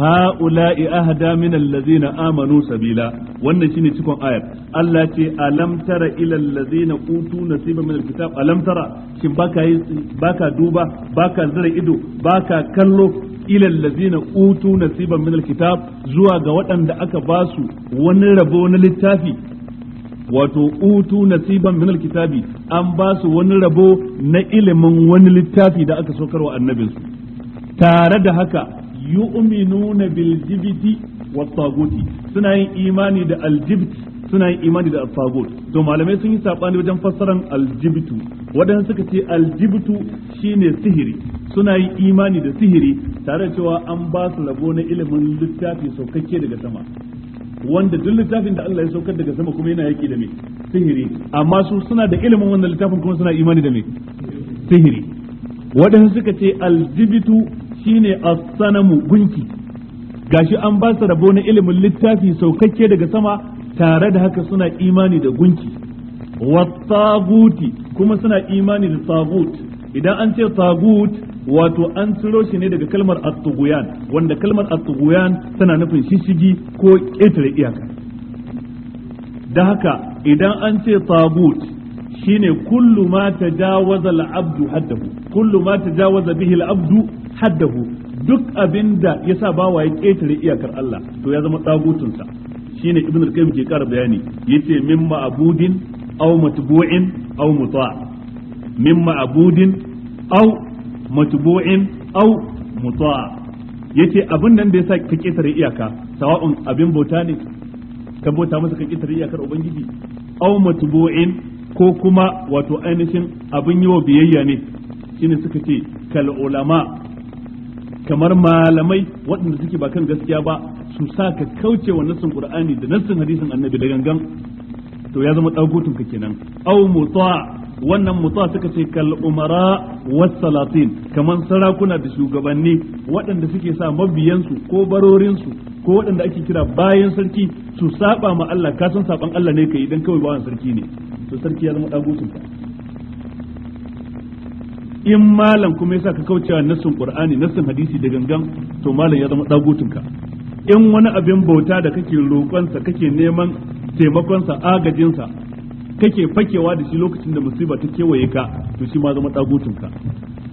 ha'ula'i ahda min allazina amanu sabila wannan shine cikon ayar Allah ce alam tara ila utu nasiba min alkitab alam tara baka yi baka duba baka zira ido baka kallo ila utu nasiban min alkitab zuwa ga waɗanda aka basu wani rabo na littafi wato utu nasiban min alkitabi an basu wani rabo na ilimin wani littafi da aka sokarwa annabinsu tare da haka yu'minuna bil jibti wat taguti suna yin imani da al suna yin imani da tagut to malamai sun yi sabani wajen fassaran al jibtu wadanda suka ce al shine sihiri suna yin imani da sihiri tare da cewa an ba su rabo na ilimin littafi saukakke daga sama wanda duk littafin da Allah ya saukar daga sama kuma yana yaki da me sihiri amma su suna da ilimin wannan littafin kuma suna imani da me sihiri waɗansu suka ce aljibitu shine as-sanamu gunki gashi an ba su rabo na ilimin littafi saukakke daga sama tare da haka suna imani da gunki wa kuma suna imani da tagut idan an ce tagut wato an ciro shi ne daga kalmar at wanda kalmar at tana nufin shishigi ko ƙetare iyaka da haka idan an ce tagut shine kullu ma tajawaza al-abdu haddahu kullu ma tajawaza bihi al-abdu haddahu duk abinda sa bawa ya ƙetare iyakar Allah to ya zama tsagutunsa shi ne ibn al-qayyim ke kara bayani yace mimma abudin aw matbu'in aw muta' mimma abudin aw matbu'in aw muta' yace abin nan da ya sa ka ƙetare iyaka sawa'un abin bauta ne ka bauta masa ka ƙetare iyakar ubangiji aw matbu'in ko kuma wato ainihin abin yawa biyayya ne shine suka ce kal ulama kamar malamai waɗanda suke ba kan gaskiya ba su sa ka kauce wa nassin qur'ani da nassin hadisin annabi da gangan to ya zama dagutun ka kenan aw muta wannan muta suka ce kal umara was salatin kamar sarakuna da shugabanni waɗanda suke sa mabiyansu ko barorinsu ko waɗanda ake kira bayan sarki su saba ma Allah ka san saban Allah ne kai dan kawai bawan sarki ne to sarki ya zama dagutun ka in malam kuma yasa ka kaucewa nassin qur'ani nassin hadisi da gangan to malam ya zama dagutunka in wani abin bauta da kake roƙonsa kake neman taimakonsa agajinsa kake fakewa da shi lokacin da musiba ta kewaye ka to shi ma zama dagutunka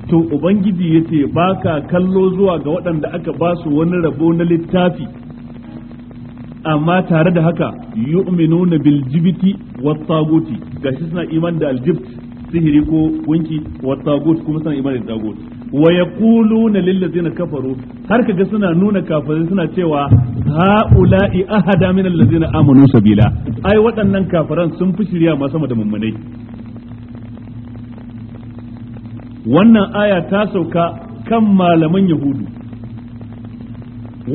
to ubangiji ya ce ba ka kallo zuwa ga waɗanda aka ba su wani rabo na littafi amma tare da haka yu'minuna bil jibti wat taguti gashi suna iman da aljibt sihiri ko gunki wa tagut kuma suna imanin tagut wa yaquluna lil kafaru har kaga suna nuna kafirai suna cewa haula'i ahada min allazina amanu sabila ai waɗannan kafiran sun fi shirya ma sama da mummunai wannan aya ta sauka kan malaman yahudu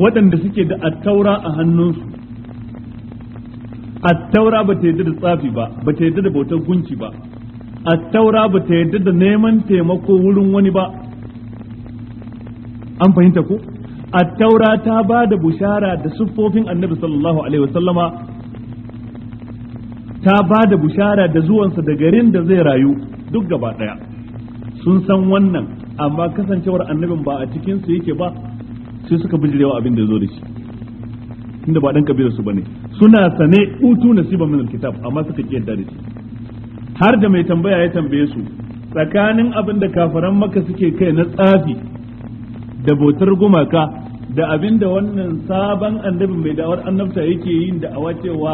waɗanda suke da attaura a hannunsu attaura ba ta yadda da tsafi ba ba ta yadda da bautar gunki ba attaura ba ta yadda da neman taimako wurin wani ba an fahimta ku attaura ta ba da bushara da siffofin annabi sallallahu alaihi wasallama ta ba da bushara da zuwansa da garin da zai rayu duk gaba daya sun san wannan amma kasancewar annabin ba a cikinsu yake ba sai suka bijirewa abin da zo da shi inda ba dan kabilar su bane suna sane utu nasiba min kitab amma suka ƙi yadda da shi har da mai tambaya ya tambaye su tsakanin abin da kafaran maka suke kai na tsafi da bautar gumaka da abin da wannan sabon annabi mai da'awar annabta yake yin da'awa cewa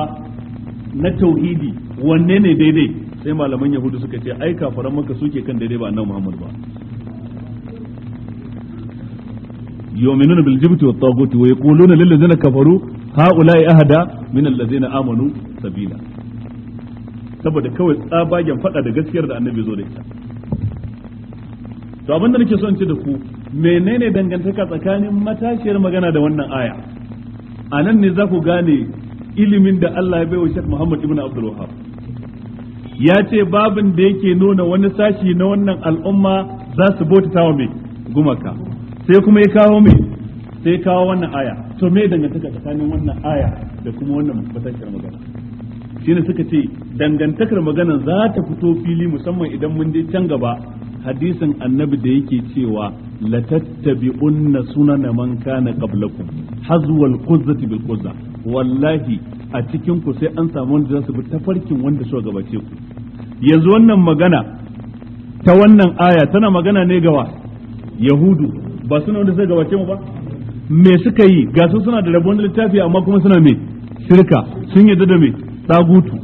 na tauhidi wanne ne daidai sai malaman yahudu suka ce ai kafaran maka suke kan daidai ba annabi muhammad ba يؤمنون بالجبت والطاغوت ويقولون للذين كفروا هؤلاء أهدى من الذين آمنوا سبيلا saboda kawai tsabagen faɗa da gaskiyar da annabi zo da ita to abinda nake so in ce da ku menene dangantaka tsakanin matashiyar magana da wannan aya a nan ne za ku gane ilimin da Allah ya baiwa Sheikh Muhammad ibn Abdul Wahhab ya ce babin da yake nuna wani sashi na wannan al'umma za su bautata wa mai gumaka sai kuma ya kawo mai sai kawo wannan aya to me dangantaka tsakanin wannan aya da kuma wannan matashiyar magana shine suka ce dangantakar magana za ta fito fili musamman idan mun je can gaba hadisin annabi da yake cewa la tattabi'unna sunana man kana qablakum hazwal quzzati bil quzza wallahi a cikin ku sai an samu wanda za su bi tafarkin wanda suka gabace ku yanzu wannan magana ta wannan aya tana magana ne gawa yahudu ba suna wanda suka gabace mu ba me suka yi ga su suna da rabon littafi amma kuma suna me shirka sun yadda da me tsagutu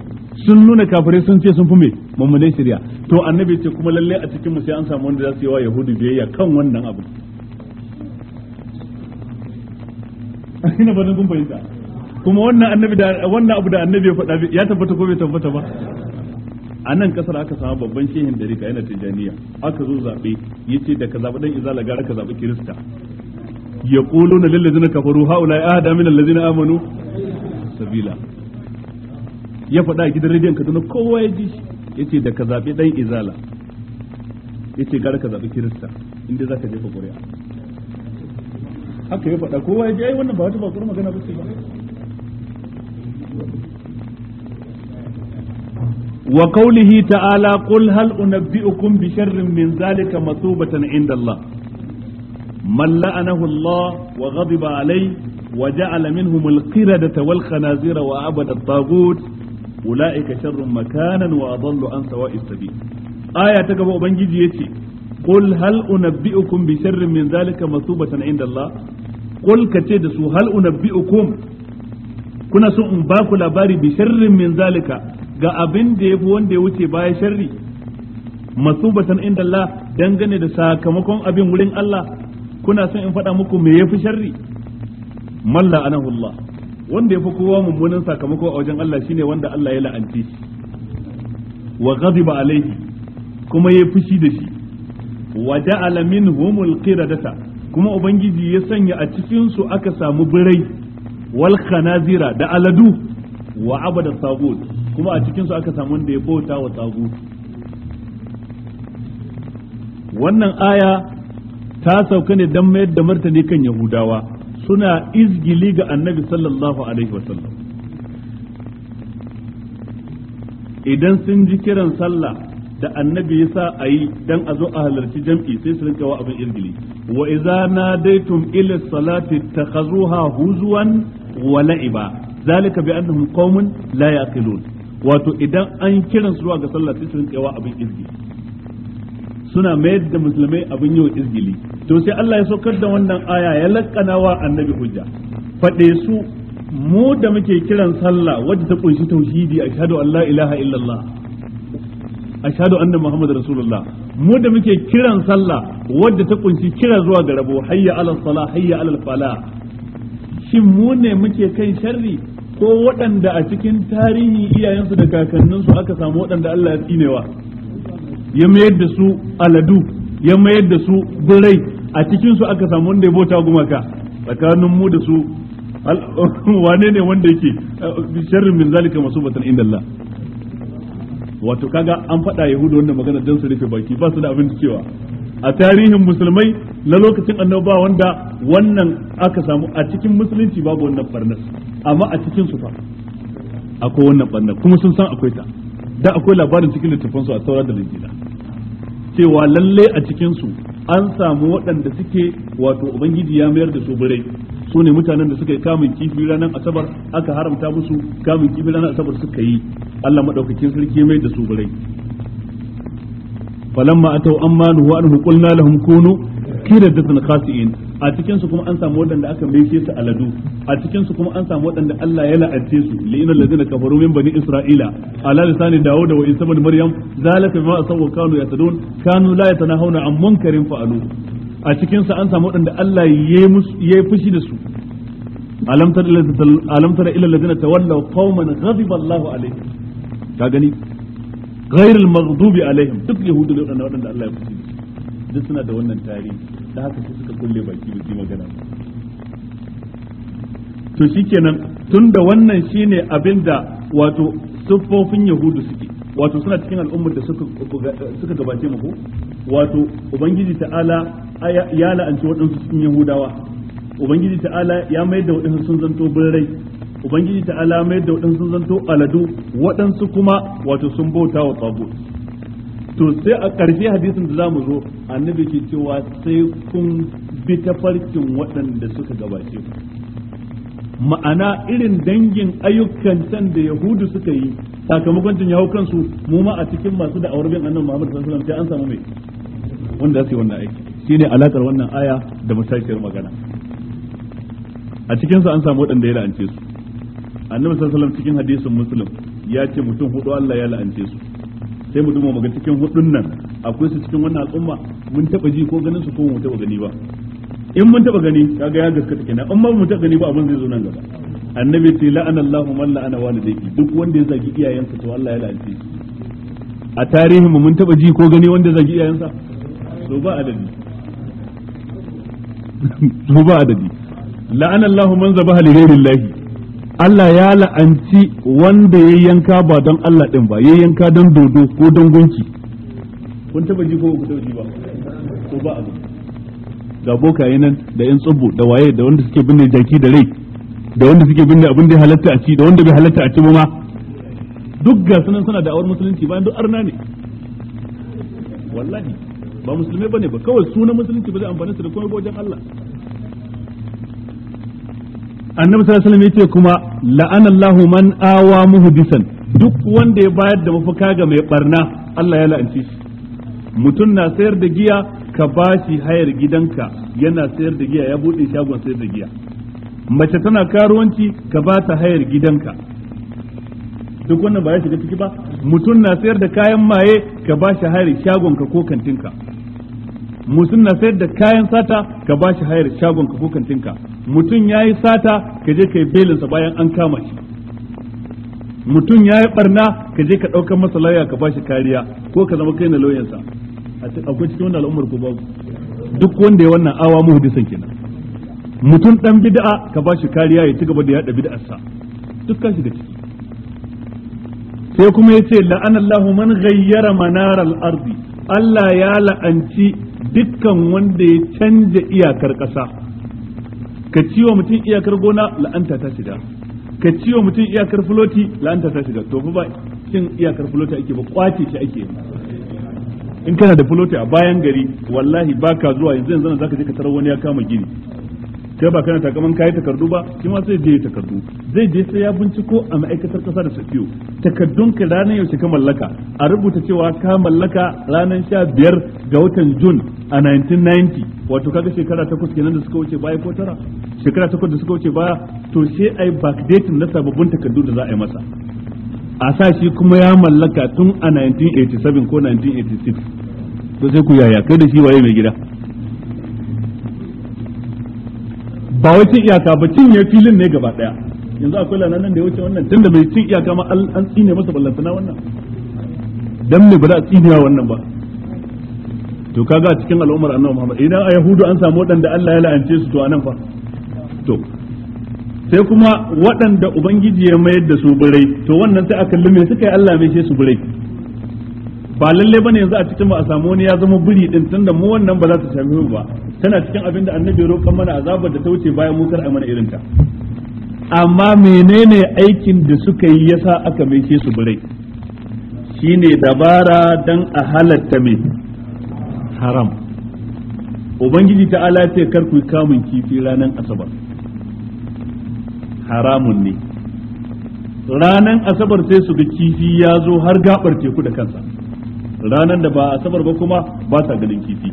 sun nuna kafirai sun ce sun fi mai mummune shirya to annabi ce kuma lalle a cikin mu sai an samu wanda za su yi wa yahudu biyayya kan wannan abu ina ba kun fahimta kuma wannan annabi da wannan abu da annabi ya faɗa ya tabbata ko bai tabbata ba a nan kasar aka samu babban shehin da rika yana tijaniya aka zo zaɓe ce da ka zaɓi ɗan izala gara ka zaɓi kirista ya yaquluna lil ladzina kafaru haula ahda min allazina amanu sabila ya faɗa a gidan rediyon Kaduna kowa ya ji shi ce da ka zaɓi ɗan izala yace gara ka zaɓi kirista inda za ka jefa ƙuri'a haka ya faɗa kowa ya ji ai wannan ba wata bakar magana ba ce ba wa qawlihi ta'ala qul hal unabbi'ukum bi sharrin min zalika masubatan inda Allah من لعنه الله وغضب عليه وجعل منهم القردة والخنازير وعبد الطاغوت ulaika sharrun makanan wa adallu an sawa'is sabil aya ta gaba ubangiji yace qul hal unabbi'ukum bi sharrin min zalika masubatan inda Allah qul kace da su hal unabbi'ukum kuna so in ba ku labari bi sharrin min zalika ga abin da yafi wanda ya wuce baya sharri masubatan inda Allah dangane da sakamakon abin wurin Allah kuna son in faɗa muku me yafi sharri malla anahu Allah wanda ya fi kowa mummunan sakamako a wajen Allah shine wanda Allah ya la'anci wa ghadiba alaihi kuma ya fushi da shi wa ja'ala minhumul qiradata kuma ubangiji ya sanya a cikinsu aka samu birai wal khanazira da aladu wa abada tagut kuma a cikinsu aka samu wanda ya bauta wa tagut wannan aya ta sauka ne dan mayar da martani kan yahudawa suna izgili ga annabi sallallahu alaihi wasallam idan sun ji kiran sallah da annabi ya sa a yi don a zo a halarci jam'i sai su rinka wa abin izgili wa idza nadaitum ila salati takhazuha huzuwan wa la'iba zalika bi annahum qaumun la yaqilun wato idan an kiran su zuwa ga sallah sai su rinka wa abin izgili suna mayar da musulmai abin yau izgili to sai Allah ya saukar da wannan aya ya lakkana wa annabi hujja faɗe su mu da muke kiran sallah wadda ta kunshi tauhidi ashhadu an la ilaha illallah ashhadu anna muhammad rasulullah mu da muke kiran sallah wadda ta kunshi kira zuwa ga rabo hayya ala salah hayya ala fala shin mu ne muke kan sharri ko waɗanda a cikin tarihi iyayensu da kakanninsu aka samu waɗanda Allah ya tsinewa ya mayar da su aladu ya mayar da su birai a cikin su aka samu wanda ya bauta gumaka tsakanin mu da su wane ne wanda yake eh, sharrin min zalika masubatan inda Allah wato kaga an faɗa yahudu wannan magana don su rufe baki ba su da abin cewa a tarihin musulmai na lokacin annabi wanda wannan aka samu a cikin musulunci babu wannan barnas amma a cikin su fa akwai wannan barnas kuma sun san akwai ta da akwai labarin cikin littafin su a saura da lijina cewa lalle a cikin su an samu waɗanda suke wato ubangiji ya mayar da su birai su ne mutanen da suka yi kamun kifi ranar asabar aka haramta musu kamun kifi ranar asabar suka yi Allah madaukakin sarki mai da su birai falamma atau amma nuhu an qulna lahum kunu qiradatan khasi'in a cikin su kuma an samu waɗanda aka maishe su aladu a cikin su kuma an samu waɗanda Allah ya la'ance su li'inal ladina kafaru min bani isra'ila ala lisani dawud wa isa ibn maryam zalika bima asaw kanu yatadun kanu la yatanahawna an munkarin fa'alu a cikin su an samu waɗanda Allah ya yi fushi da su alam tara ila ladina tawallaw qauman ghadiba Allahu alaihim ka gani ghairul maghdubi alaihim duk yahudu da waɗanda Allah ya fushi duk suna da wannan tarihi da haka sai suka kulle baki baki magana to shikenan tunda wannan shine abinda wato siffofin yahudu suke wato suna cikin al'ummar da suka gabace mu wato ubangiji ta'ala ya la'anci waɗansu cikin yahudawa ubangiji ta'ala ya mayar da waɗansu sun zanto birrai ubangiji ta'ala mayar da waɗansu sun zanto aladu waɗansu kuma wato sun bauta wa tsagut to sai a ƙarshe hadisin da zamu zo annabi ke cewa sai kun bi ta farkin waɗanda suka gabace ku ma'ana irin dangin ayyukan can da yahudu suka yi sakamakon jin yawo kansu mu ma a cikin masu da auren annabi Muhammad sallallahu alaihi wasallam sai an samu mai wanda zai wannan aiki shine alakar wannan aya da musakiyar magana a cikin su an samu waɗanda ya la'ance su annabi sallallahu alaihi wasallam cikin hadisin muslim ya ce mutum hudu Allah ya la'ance su sai mu duba maga cikin hudun nan akwai su cikin wannan al'umma mun taba ji ko ganin su ko mu taba gani ba in mun taba gani kaga ya gaskata kenan in ma mu taba gani ba abin zai zo nan gaba annabi ce la'ana Allahu man la'ana walidayki duk wanda ya zagi iyayensa to Allah ya la'anci a tarihin mu mun taba ji ko gani wanda zagi iyayensa to ba adadi mu ba adadi la'ana Allahu man zabaha li Allah ya la'anci wanda ya yanka ba don Allah ɗin ba ya yanka don dodo ko don gunki kun taba ji ko ku ji ba ko ba abu ga yi nan da yan tsubu da waye da wanda suke binne jaki da rai da wanda suke binne abin da ya halatta a ci da wanda bai halatta a ci ba ma duk ga sunan suna da awar musulunci bayan duk arna ne wallahi ba musulmai ne ba kawai sunan musulunci ba zai amfani su da komai wajen Allah annabi sallallahu alaihi wasallam kuma la'anallahu man awa muhdisan duk wanda ya bayar da mafaka ga mai barna Allah ya la'anci shi mutum na sayar da giya ka bashi hayar gidanka yana sayar da giya ya bude shagon sayar da giya mace tana karuwanci ka ba ta hayar gidanka duk wannan ba ya shiga ciki ba mutum na sayar da kayan maye ka ba shi hayar shagonka ko kantinka mutum na sayar da kayan sata ka ba shi hayar shagon ka ko kantinka mutum ya yi sata ka je ka yi belinsa bayan an kama shi mutum ya yi barna ka je ka ɗaukar masa lauya ka ba shi kariya ko ka zama kai na lauyansa akwai cikin wannan al'ummar ko babu duk wanda ya wannan awa mu muhdisan kenan mutum dan bid'a ka ba shi kariya ya ci gaba da yada bid'arsa duk ka shiga ciki sai kuma yace la'anallahu man ghayyara manarar arzi Allah ya la'anci dukkan wanda ya canja iyakar ƙasa ka ciwo mutum iyakar gona la'anta ta shiga ka ciwo mutum iyakar filoti la'anta ta shiga to ba cin iyakar filoti ake ba kwace shi ake in kana da filoti a bayan gari wallahi baka zuwa yanzu yanzu zaka je ka tarar wani ya kama gini sai ba kana takaman kai takardu ba shi ma sai je takardu zai je sai ya binciko a ma'aikatar kasa da safiyo takardun ka ranar yaushe ka mallaka a rubuta cewa ka mallaka ranar sha biyar ga watan jun a 1990 wato kaga shekara takwas kenan da suka wuce baya ko tara shekara takwas da suka wuce baya to sai ai backdating na sababbin takardu da za a yi masa a sa shi kuma ya mallaka tun a 1987 ko 1986 to sai ku yaya kai da shi waye mai gida ba wacin iyaka ba cinye filin ne gaba daya yanzu akwai nan da ya wuce wannan tunda mai cin iyaka ma an tsine masa ballantana wannan dan me ba za a tsinewa wannan ba to kaga cikin al'ummar annabi Muhammad idan a yahudu an samu waɗanda Allah ya la'ance su to anan fa to sai kuma waɗanda ubangiji ya mayar da su birai to wannan sai a kalli me suka yi Allah mai su birai ba lalle bane yanzu a cikin mu a samu wani ya zama buri din tunda mu wannan ba za ta same mu ba tana cikin abin da annabi ya roƙa mana azabar da ta wuce bayan mu kar a mana irin ta amma menene aikin da suka yi yasa aka maishe su burai shine dabara dan a halatta mai haram ubangiji ta ala ce kar ku kamun kifi ranar asabar haramun ne ranar asabar sai su ga kifi ya zo har gabar teku da kansa ranar da ba asabar ba kuma ba sa ganin kifi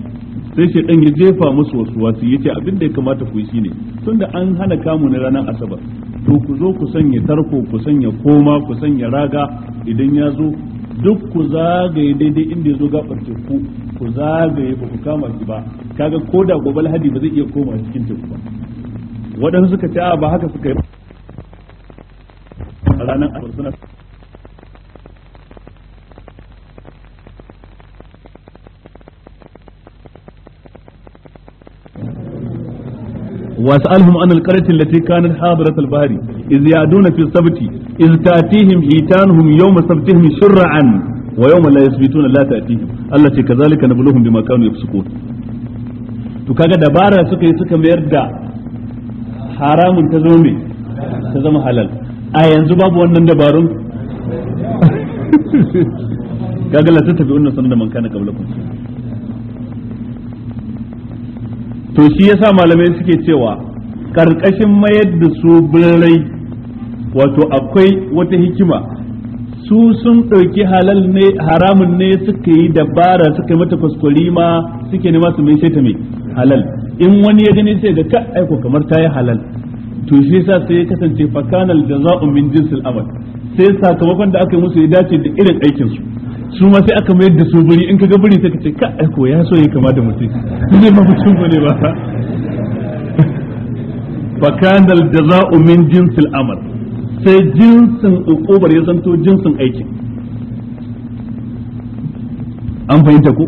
sai ɗan ya jefa musu wasu wasu yace abin da ya kamata ku yi shine da an hana kamu na ranar asabar to ku zo ku sanya tarko ku sanya koma ku sanya raga idan ya zo duk ku zagaye daidai inda ya zo gabar teku ku zagaye ba ku kama shi ba kaga ko da gobe lahadi ba zai iya koma cikin teku ba waɗansu suka ce a ba haka suka yi ranar asabar suna واسألهم عن القرية التي كانت حاضرة البحر إذ يعدون في السبت إذ تأتيهم حيتانهم يوم سبتهم شرعا ويوم لا يثبتون لا تأتيهم التي كذلك نبلوهم بما كانوا يفسقون تكاغا دبارة سكي سكا ميردا حرام تزومي تزوم حلال أين زباب وأنن دبارون kaga la tattabi'unna sunnata man kana qablakum to shi yasa malamai suke cewa karkashin mayar da su birrai wato akwai wata hikima su sun ɗauki halal ne haramun ne suka yi dabara suka yi mata kuskurima suke nema su mai ta mai halal in wani ya gani sai ga ka aiko kamar ta yi halal to shi yasa sai ya kasance fakanal jaza'u min jinsil amal sai sakamakon da aka yi musu ya dace da irin aikinsu. su su ma sai aka mayar da su in ka ga buri sai ka ce ka aiko ya so ya kama da mutum zai ba mutum bane ba fa kana al jaza'u min jinsil amal sai jinsin ukubar ya zanto jinsin aikin an fahimta ko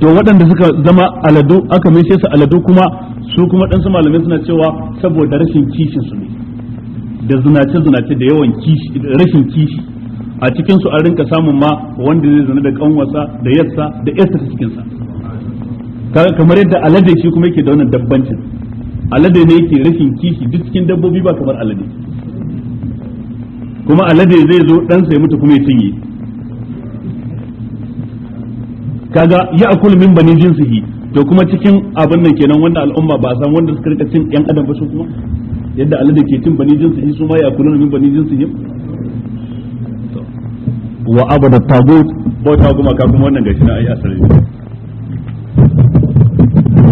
to waɗanda suka zama aladu aka sai su aladu kuma su kuma ɗansu malamai suna cewa saboda rashin kishin su ne da zinace zinace da yawan kishi rashin kishi a cikin su an rinka samun ma wanda zai zane da kanwasa da yarsa da yarsa ta cikinsa. kamar yadda alade shi kuma yake da wannan dabbancin alade ne yake rashin kishi duk cikin dabbobi ba kamar alade kuma alade zai zo dan sai mutu kuma ya cinye kaga ya akul min bani jinsihi to kuma cikin abin nan kenan wanda al'umma ba san wanda suka rika cin yan adam ba su kuma yadda alade ke cin bani jinsihi su ma ya akulun min bani jinsihi wa abada tagut bauta gumaka kuma wannan gashi na ayi asali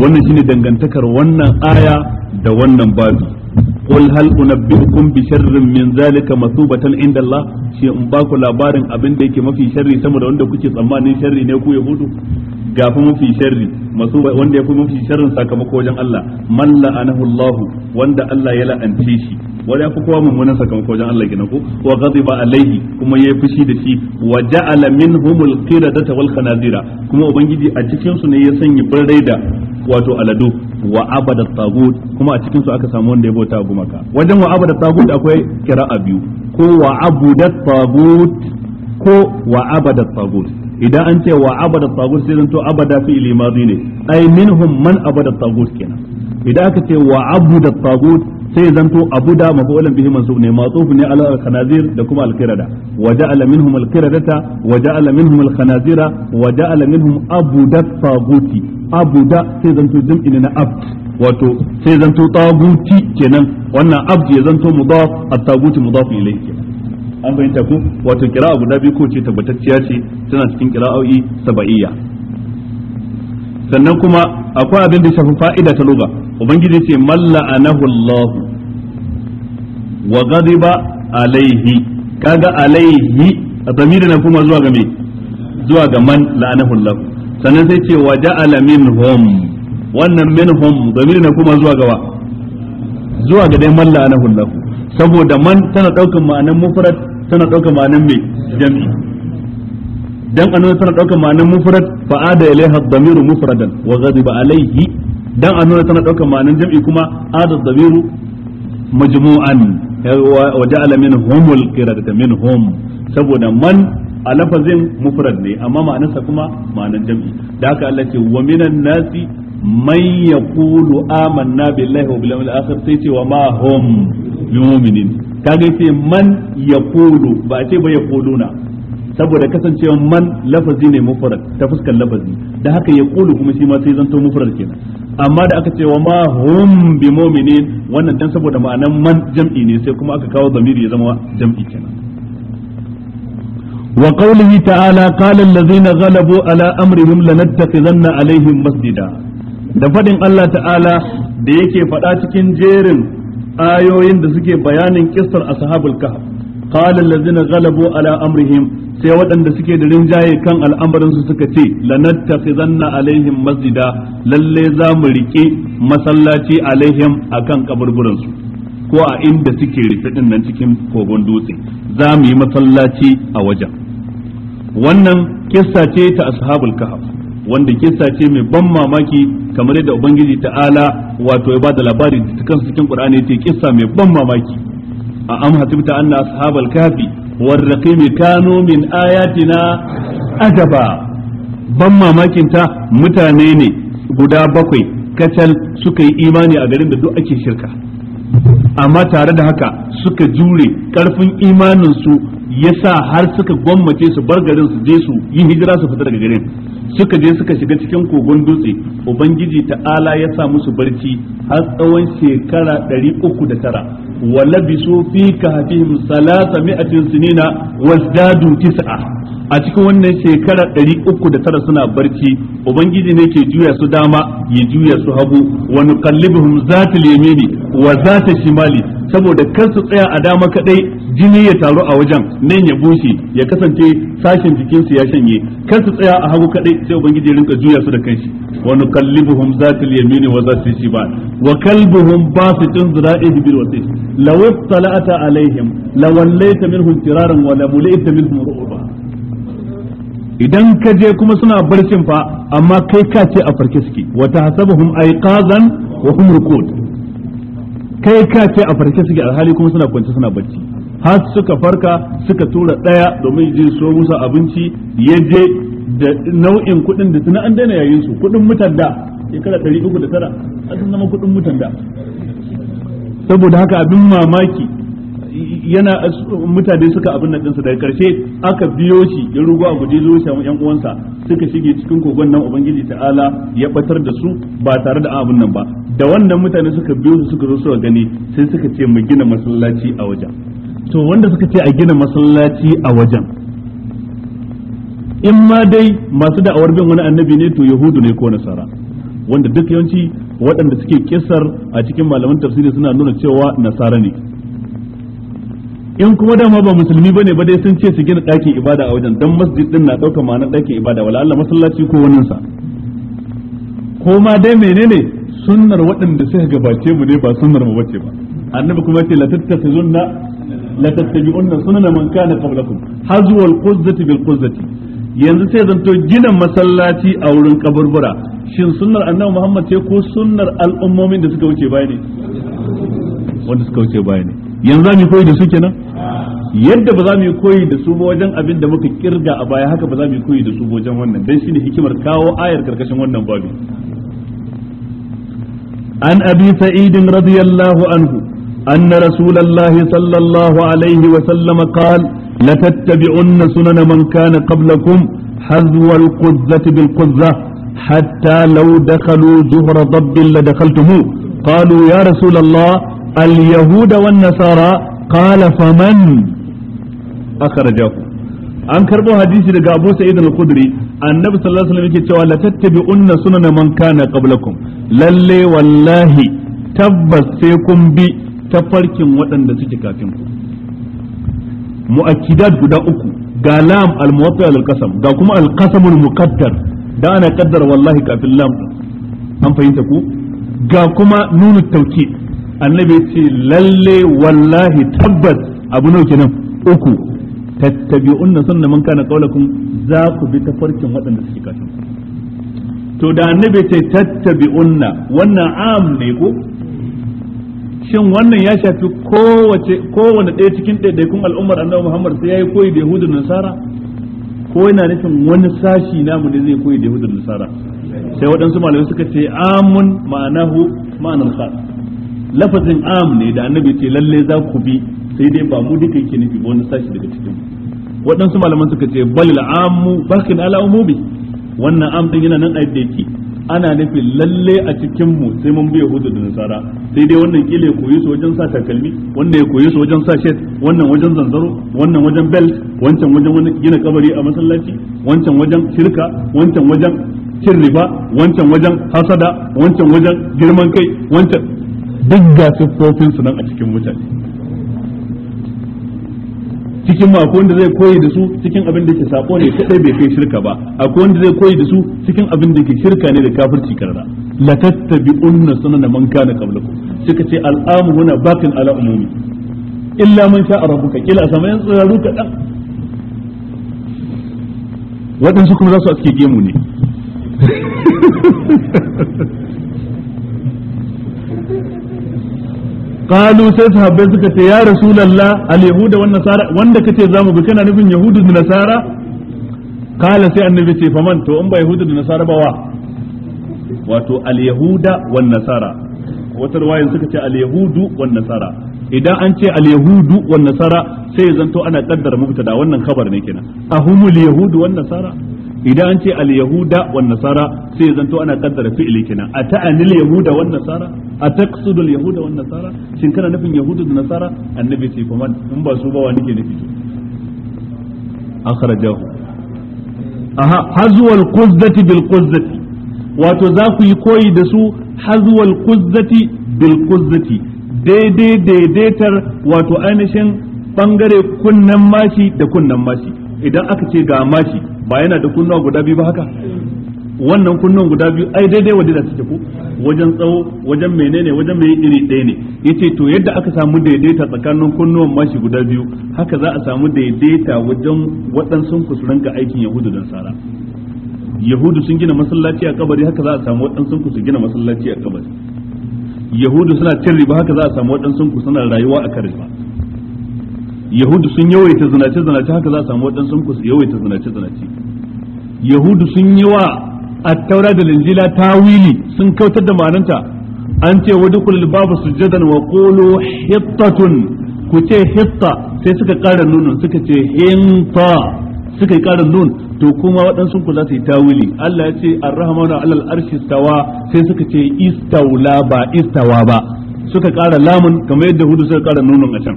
wannan shine dangantakar wannan aya da wannan babu qul hal unabbiukum bi sharrin min zalika masubatan inda Allah shi in ba ku labarin abin da yake mafi sharri sama da wanda kuke tsammanin sharri ne ku yahudu ga mafi sharri masu wanda ya fi mafi sharrin sakamako wajen Allah man la'anahu Allah wanda Allah ya la'ance shi wanda ya fi kowa mummunan sakamako wajen Allah kenan ko wa ghadiba alaihi kuma yayi fushi da shi wa ja'ala minhumul qiradata wal khanazira kuma ubangiji a cikin su ne ya sanya birrai da wato aladu wa abada tagut kuma a cikin su aka samu wanda ya bauta gumaka wajen wa abada tagut akwai kira'a biyu ko wa abudat tagut ko wa abada tagut idan an ce wa abada tagut sai to abada fi ilimadi ne ai minhum man abada tagut kenan idan aka ce wa abuda tagut sai zanto abuda mafulan bihi mansub ne matsuf ne ala al-khanazir da kuma al-qirada wa ja'ala minhum al-qiradata wa ja'ala minhum al-khanazira wa ja'ala minhum abuda taguti abuda sai zanto jam'i ne na abd wato sai zanto taguti kenan wannan abd ya zanto mudaf at-taguti mudaf ilayhi kenan an fahimta ku wato kira'a guda biyu ko ce tabbatacciya ce tana cikin kira'o'i saba'iyya sannan kuma akwai abin da shafi fa'ida ta luga ubangiji ce malla malla'anahu Allah wa ghadiba alaihi kaga alaihi a zamiri na kuma zuwa ga me zuwa ga man la'anahu Allah sannan sai ce wa ja'ala minhum wannan minhum zamiri na kuma zuwa ga wa zuwa ga dai man la'anahu Allah saboda man tana daukan ma'anan mufrad tana ɗaukar ma'anin mai jam'i dan anuna tana ɗaukar ma'anin mufrad fa ada ilaiha dhamiru mufradan wa ghadiba alaihi dan anuna tana ɗaukar ma'anin jam'i kuma ada dhamiru majmu'an eh, wa ja'ala minhumul qiradata minhum saboda man a lafazin mufrad ne amma ma'anarsa kuma ma'anin jam'i da haka Allah ce wa minan nasi man yaqulu amanna billahi wa bil yawmil akhir sai ce wa ma hum bimumin kaga yace man ya kulu ba a ce ba ya na saboda kasancewa man lafazi ne mufrad ta fuskar lafazi da haka ya kulu kuma shi ma sai zanto mufrad kenan amma da aka ce wa ma hum bi mu'minin wannan dan saboda ma'anan man jam'i ne sai kuma aka kawo zamiri ya zama jam'i kenan wa qawlihi ta'ala qala allazina ghalabu ala amrihim lanattakhizanna alaihim masjida da fadin Allah ta'ala da yake faɗa cikin jerin ayoyin da suke bayanin kissar ashabul kahf qala allazina ghalabu ala amrihim sai waɗanda suke da rinjaye kan al'amarin su suka ce lanattakhizanna alaihim masjida lalle za mu rike masallaci alaihim akan kaburburan su ko a inda suke rufe din nan cikin kogon dutse za mu yi masallaci a wajen wannan kissa ce ta ashabul kahf wanda kisa ce mai ban mamaki kamar yadda ubangiji ta'ala wato ya ba da labari ta kansa cikin qur'ani yace kisa mai ban mamaki a am hasibta anna ashabal kafi war raqimi kanu min ayatina ajaba ban mamakin ta mutane ne guda bakwai kacal suka yi imani a garin da duk ake shirka amma tare da haka suka jure karfin imanin su yasa har suka gwammace su bar garin su je su yi hijira su fita daga garin suka je suka shiga cikin kogon dutse ubangiji ta'ala ya sa musu barci har tsawon shekara 309 wa labisu fi ka hafihim salasa mi'atin sinina wasdadu tis'a a cikin wannan shekara ɗari uku da tara suna barci ubangiji ne ke juya su dama ya juya su hagu Wani wa nuqallibuhum zata ne wa za ta shimali saboda kar su tsaya a dama kaɗai jini ya taru a wajen nan ya bushe ya kasance sashen jikinsu ya shanye kar su tsaya a hagu kaɗai sai ubangiji ya rinka juya su da kanshi Wani wa za ta yamini wa su cin wa kalbuhum basitun zira'ihi wa sai law tala'ata alaihim lawallaita minhum tiraran wa lamulita minhum ru'ba idan ka je kuma suna barcin fa amma kai ka ce a farke suke wata hasabuhum aiqazan wa hum rukud kai ka ce a farke suke alhali kuma suna kwance suna barci har suka farka suka tura daya domin je so musu abinci ya je da nau'in kudin da tuna an daina yayin su kudin mutan da shekara 309 an zama kudin mutan da saboda haka abin mamaki yana mutane suka abin nan dinsa daga karshe aka biyo shi ya rugo a guje zuwa shi yan uwansa suka shige cikin kogon nan ubangiji ta'ala ya batar da su ba tare da abin nan ba da wannan mutane suka biyo su suka zo suka gani sai suka ce mu gina masallaci a wajen to wanda suka ce a gina masallaci a wajen in ma dai masu da bin wani annabi ne to yahudu ne ko nasara wanda duk yawanci waɗanda suke kisar a cikin malaman tafsiri suna nuna cewa nasara ne in kuma dama ba musulmi bane ba dai sun ce su gina ɗakin ibada a wajen dan masjid din na ɗaukar ma'anar ɗakin ibada wala Allah masallaci ko wannan sa ko ma dai menene sunnar waɗanda suka gabace mu ne ba sunnar mu bace ba annabi kuma ce la tattasizunna la tattabi'unna sunana man kana qablakum wal quzzati bil quzzati yanzu sai zanto gina masallaci a wurin kaburbura shin sunnar annabi Muhammad ce ko sunnar al'ummomin da suka wuce baya ne wanda suka wuce baya ne yanzu za mu koyi da su kenan yadda ba za mu koyi da su ba wajen abin da muka kirga a baya haka ba za mu koyi da su wajen wannan dan shine hikimar kawo ayar karkashin wannan babu an abi sa'id radiyallahu anhu anna rasulullahi sallallahu alaihi wa sallam qala la tattabi'unna sunana man kana qablakum hazwa al-quzzati bil-quzzah hatta law dakhalu zuhra dabbin la dakhaltumuh قالوا يا رسول الله al-yahuda wan nasara qala faman akhrajakum an karɓo hadisi daga Abu Sa'id al-Khudri annabi sallallahu yake cewa la tattabi'unna sunana man kana qablakum lalle wallahi tabbas sai kun bi tafarkin waɗanda suke kafin ku mu'akkidat guda uku ga lam al-muwatta ga kuma al-qasam al da ana kaddara wallahi kafin lam an fahimta ku ga kuma nunu tawkid annabi ce lalle wallahi tabbas abu nawa kenan uku tattabi'unna sunna man kana qawlakum za ku bi tafarkin waɗanda suke kafin to da annabi ce tattabi'unna wannan am ne ko shin wannan ya shafi kowace kowane ɗaya cikin ɗaiɗaikun al'ummar annabi Muhammad sai yayi koyi da yahudun Nasara ko yana nufin wani sashi namu ne zai koyi da yahudun Nasara sai waɗansu malamai suka ce amun ma'anahu ma'anar khas lafazin am ne da annabi ce lalle za ku bi sai dai ba mu duka yake nufi ba wani sashi daga cikin waɗansu malaman suka ce balil amu barkin ala umumi wannan am din yana nan a yadda yake ana nufin lalle a cikin mu sai mun biya hudu da nasara sai dai wannan kila ya koyi su wajen sa takalmi wannan ya koyi su wajen sa shet wannan wajen zanzaro wannan wajen belt wancan wajen wani gina kabari a masallaci wancan wajen shirka wancan wajen cin riba wancan wajen hasada wancan wajen girman kai wancan duk ga siffofin su nan a cikin mutane cikin ma akwai wanda zai koyi da su cikin abin da ke sako ne kadai bai kai shirka ba akwai wanda zai koyi da su cikin abin da ke shirka ne da kafirci karara la tattabi'unna sunan man kana qablukum suka ce al'amu huna bakin ala umumi illa man sha'a rabbuka kila sama yan tsaro ka dan waɗansu kuma za su aske gemu ne qalu sai sahabbai suka ce ya rasulullah al yahuda wan nasara wanda kace zamu bi kana nufin yahudu da nasara kala sai annabi ce faman to in ba yahudu da nasara ba wa wato al yahuda wan nasara wata ruwayan suka ce al yahudu nasara idan an ce al yahudu nasara sai zanto ana kaddara da wannan kabar ne kenan nasara idan an ce al-yahuda wan nasara sai ya zanto ana kaddara fi'ili kenan a ta'anil yahuda wan nasara a taqsidul yahuda wan nasara shin kana nufin yahudu da nasara annabi sai kuma in ba su ba wa nake nufi akhrajahu aha hazwal quzzati bil quzzati wato za ku yi koyi da su hazwal quzzati bil quzzati daidai daidaitar wato ainihin bangare kunnen mashi da kunnen mashi idan aka ce ga mashi ba yana da kunnuwa guda biyu ba haka wannan kunnuwan guda biyu ai daidai waje da suke ku wajen tsawo wajen menene wajen mai iri ɗaya ne yace to yadda aka samu daidaita tsakanin kunnuwan mashi guda biyu haka za a samu daidaita wajen waɗansu kusurin ga aikin yahudu don sara yahudu sun gina masallaci a kabari haka za a samu waɗansu ku su gina masallaci a kabari yahudu suna cin riba haka za a samu waɗansu ku rayuwa a kan riba yahudu sun yawaita zinace zinace haka za a samu waɗansu ku yawaita zinace zinace yahudu sun yi wa attaura da linjila tawili sun kautar da ma'ananta an ce wa dukul babu sujadan wa qulu hittatun ku ce hitta sai suka ƙara nunun suka ce hinta suka yi ƙarin nun to kuma waɗansu ku za su yi tawili Allah ya ce ar-rahmanu alal arshi stawa sai suka ce istaula ba istawa ba suka ƙara lamun kamar yadda hudu suka ƙara nunun a can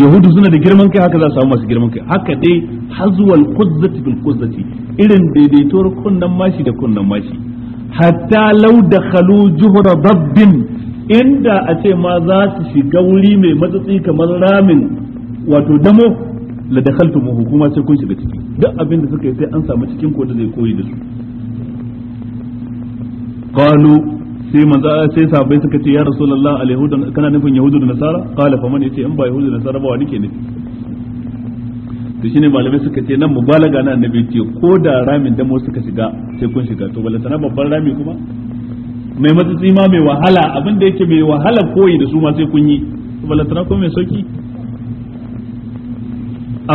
yahudu suna da girman kai haka za su samu masu girman kai haka dai hazwal kuzzati bil kuzzati irin daidaituwar kunnan mashi da kunnan mashi hatta law dakhalu juhra dabbin inda a ce ma za su shiga wuri mai matsatsi kamar ramin wato damo la dakhaltumuhu kuma sai kun shiga ciki duk abin da suka yi sai an samu cikin ko da zai koyi da su qalu sai manzo sai sahabbai suka ce ya rasulullah wa yahudu kana nufin yahudu da nasara qala fa man yace in ba yahudu da nasara ba wani ke ne to shine malamai suka ce nan mubalaga na annabi ce ko da ramin mu suka shiga sai kun shiga to balanta na babban rami kuma mai matsatsi ma mai wahala abin da yake mai wahala koyi da su ma sai kun yi balanta na kuma mai sauki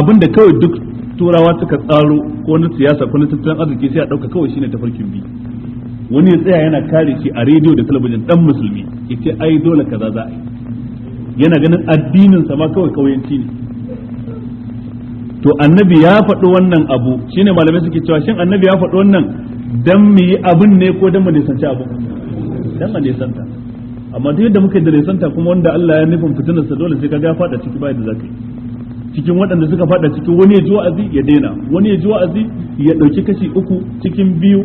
abin da kawai duk turawa suka tsaro ko na siyasa ko na tattalin arziki sai a dauka kawai shine tafarkin biyu wani ya tsaya yana kare shi a rediyo da talabijin dan musulmi yace ai dole kaza za a yi yana ganin addinin sa ma kawai kauyanci ne to annabi ya faɗi wannan abu shine malamai suke cewa shin annabi ya faɗi wannan dan mu yi abin ne ko dan mu sanci abu dan mu santa amma duk yadda muka da nisanta kuma wanda Allah ya nufin fitinar sa dole sai kaga ya faɗa ciki ba yadda zakai yi cikin waɗanda suka fada cikin wani ya ji wa'azi ya daina wani ya ji wa'azi ya ɗauki kashi uku cikin biyu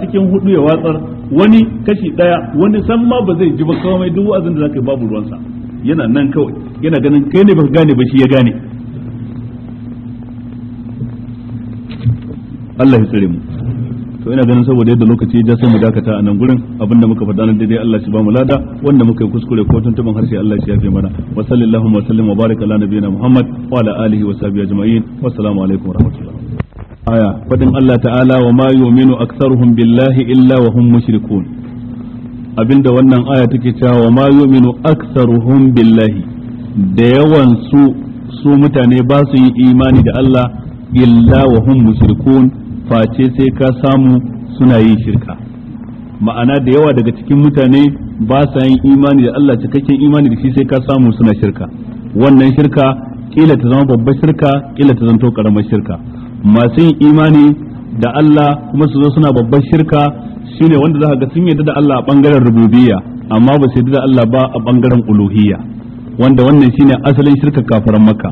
cikin hudu ya watsar wani kashi ɗaya wani san ma ba zai ji ba mai duk wa'azin da zaka yi babu ruwansa yana nan kawai yana ganin kai ne baka gane ba shi ya gane Allah ya tsare mu to ina ganin saboda yadda lokaci ya ja sai mu dakata a nan gurin abinda muka faɗa na daidai Allah shi ba mu lada wanda muka yi kuskure ko tuntuban harshe Allah shi ya fi mana wa sallallahu wa sallam wa baraka ala nabiyina Muhammad wa ala alihi wa sahbihi ajma'in wa assalamu alaikum wa rahmatullah aya fadin Allah ta'ala wa ma yu'minu aktsaruhum billahi illa wa hum mushrikun abinda wannan aya take cewa wa ma yu'minu aktsaruhum billahi da yawan su su mutane ba su yi imani da Allah illa wa hum mushrikun face sai ka samu suna yin shirka ma'ana da yawa daga cikin mutane ba sa yin imani da Allah cikakken imani da shi sai ka samu suna shirka wannan shirka kila ta zama babbar shirka kila ta zanto karamar shirka masu yin imani da Allah kuma su zo suna babbar shirka shine wanda za a ga sun yarda da Allah a bangaren rububiyya amma ba su yarda da Allah ba a bangaren uluhiyya wanda wannan shine asalin shirka kafaran makka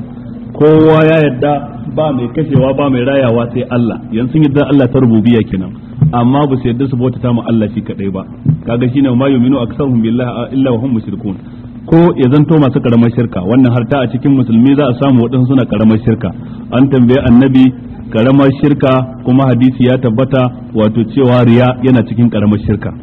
kowa ya yarda ba mai kashewa ba mai rayawa sai Allah yanzu sun yadda Allah ta ya kenan amma ba su yarda su bauta mu Allah shi kadai ba kaga shine ma yuminu aksarhum billahi illa wa hum mushrikun ko ya zanto masu karamar shirka wannan har ta a cikin musulmi za a samu waɗansu suna karamar shirka an tambaye annabi karamar shirka kuma hadisi ya tabbata wato cewa riya yana cikin karamar shirka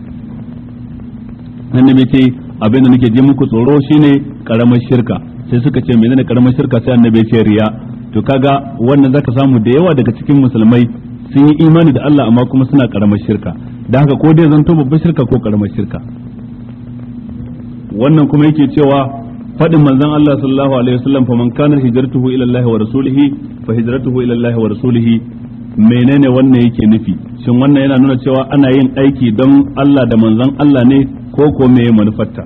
annabi ce abin da nake ji muku tsoro shine karamar shirka sai suka ce menene karamar shirka sai annabi ya ce riya to kaga wannan zaka samu da yawa daga cikin musulmai sun yi imani da Allah amma kuma suna karamar shirka da haka ko dai zanto babbar shirka ko karamar shirka wannan kuma yake cewa faɗin manzon Allah sallallahu alaihi wasallam man kana hijratuhu ila Allah wa rasulihi fa hijratuhu ila Allah wa rasulihi menene wannan yake nufi shin wannan yana nuna cewa ana yin aiki don Allah da manzon Allah ne ko ko me manufarta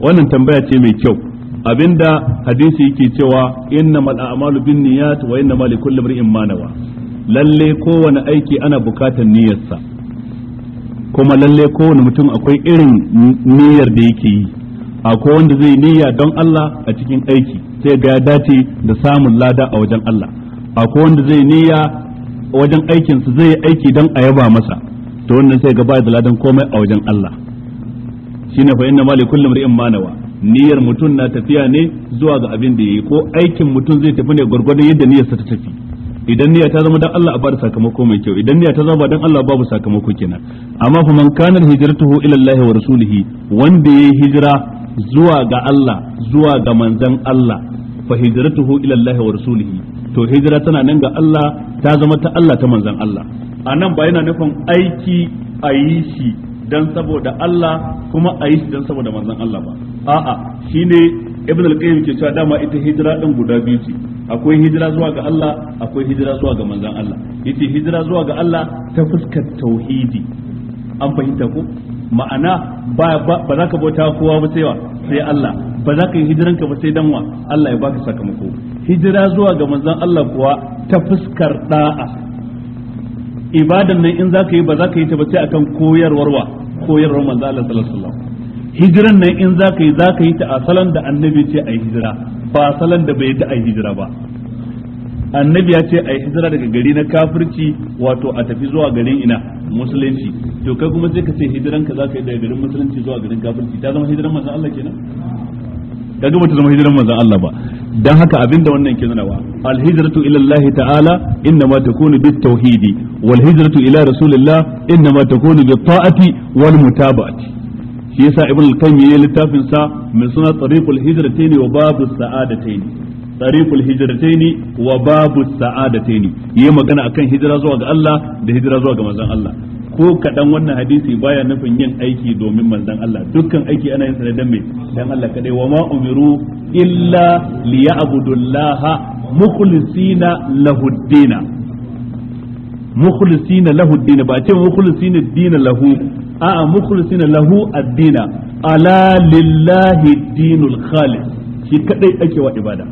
wannan tambaya ce mai kyau abinda hadisi yake cewa mal a'malu niyyat wa mal kulli mar'in ma nawa lalle kowane aiki ana bukatar niyyarsa kuma lalle kowane mutum akwai irin niyyar da yake yi akwai wanda zai niyya don Allah a cikin aiki sai ga ya dace da samun lada a wajen Allah akwai wanda zai niyya wajen su zai aiki don a yaba masa to wannan sai ga ba da ladan komai a wajen Allah shine fa inna mal kulli mar'in ma nawa niyyar mutum na tafiya ne zuwa ga abin da yi ko aikin mutum zai tafi ne gwargwadon yadda niyyarsa ta tafi idan niyya ta zama dan Allah a bada sakamako mai kyau idan niyya ta zama dan Allah babu sakamako kenan amma fa man kana hijratuhu ila Allah wa rasulihi wanda yayi hijira zuwa ga Allah zuwa ga manzon Allah fa hijratuhu ila Allah wa rasulihi to hijira tana nan ga Allah ta zama ta Allah ta manzon Allah anan ba yana nufin aiki a yi shi dan saboda Allah kuma a yi shi dan saboda manzon Allah ba a'a shine ibn al-qayyim ke cewa dama ita hijira din guda biyu ce akwai hijira zuwa ga Allah akwai hijira zuwa ga manzon Allah yace hijira zuwa ga Allah ta fuskar tauhidi an fahimta ko ma'ana ba ba za ka bauta kowa ba sai wa sai Allah ba za ka yi hijiranka ba sai wa Allah ya baka sakamako hijira zuwa ga manzon Allah kuwa ta fuskar da'a ibadan nan in zaka yi ba zaka yi ta ba sai akan koyarwar wa koyarwar manzo Allah sallallahu alaihi wasallam hijiran nan in zaka yi zaka yi ta a salon da annabi ce ai hijira ba salon da bai ta ai hijira ba annabi ya ce a yi hijira daga gari na kafirci wato a tafi zuwa garin ina musulunci to kai kuma sai ka ce hijiran ka za ka yi daga garin musulunci zuwa garin kafirci ta zama hijiran manzo Allah kenan kaga bata zama hijiran manzon Allah ba dan haka abinda wannan ke nuna wa al hijratu ila Allah ta'ala inna ma takunu bit tauhidi wal hijratu ila rasulillah inna ma takunu bit ta'ati wal mutaba'ati shi yasa ibn al-qayyim ya littafin sa mai suna tariqul hijratayn wa babu sa'adatayn tariqul hijratayn wa babu sa'adatayn yayi magana akan hijira zuwa ga Allah da hijira zuwa ga manzon Allah ko kaɗan wannan hadisi baya nufin yin aiki domin manzon Allah dukkan aiki ana yin sa dan mai dan Allah kadai wa ma umiru illa liya'budullaha mukhlisina lahuddina mukhlisina lahuddina ba ce mukhlisina dina lahu a'a mukhlisina lahu ad-dina ala lillahi dinul khalis shi kadai ake wa ibada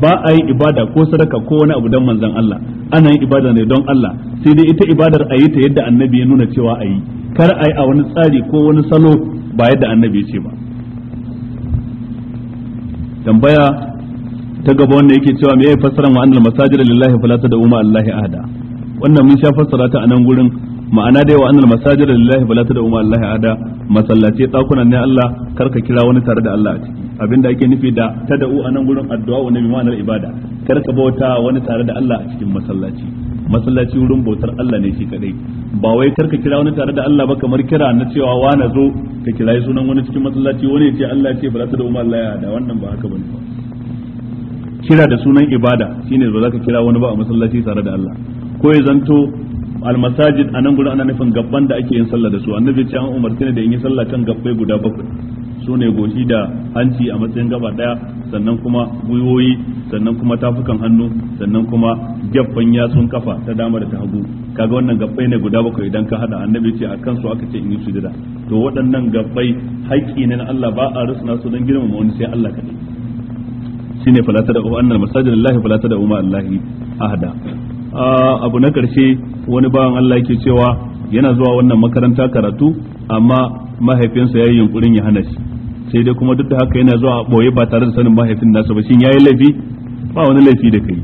ba a yi ibada ko sadaka ko wani abu don manzon Allah ana yin ibada ne don Allah sai dai ita ibadar a yi ta yadda annabi ya nuna cewa a yi kar a yi a wani tsari ko wani salo ba yadda annabi ya ce ba tambaya ta gaba wanda yake cewa me ya fassara wa annal masajid lillahi fala tad'u ma allahi ahada wannan mun sha fassara ta a nan gurin ma'ana da yawa annal masajid lillahi fala tad'u ma allah ada masallaci dakunan ne Allah karka kira wani tare da Allah a ciki abinda ake nufi da tad'u anan gurin addu'a wa nabi ma'anar ibada karka bauta wani tare da Allah a cikin masallaci masallaci wurin bautar Allah ne shi kadai ba wai karka kira wani tare da Allah ba kamar kira na cewa wa na zo ka kira sunan wani cikin masallaci wani ya ce Allah ya bala fala tad'u ma allah ada wannan ba haka bane ba kira da sunan ibada shine ba za ka kira wani ba a masallaci tare da Allah ko ya zanto almasajid a nan gurin ana nufin gabban da ake yin sallah da su annabi ce an umarci ne da in yi sallah kan gabbai guda bakwai su ne goshi da hanci a matsayin gaba daya sannan kuma gwiwoyi sannan kuma tafukan hannu sannan kuma ya yatsun kafa ta dama da ta hagu kaga wannan gabbai ne guda bakwai idan ka hada annabi ce a kansu aka ce in yi sujada to waɗannan gabbai haƙƙi ne na Allah ba a rusuna su don girmama wani sai Allah kaɗai shine falata ta da annal masajidillahi fala ta da umma Allah ahada abu na ƙarshe wani bawan Allah yake cewa yana zuwa wannan makaranta karatu amma mahaifinsa ya yi yunkurin ya hana shi sai dai kuma duk da haka yana zuwa boye ba tare da sanin mahaifin nasa ba shin yayi laifi ba wani laifi da kai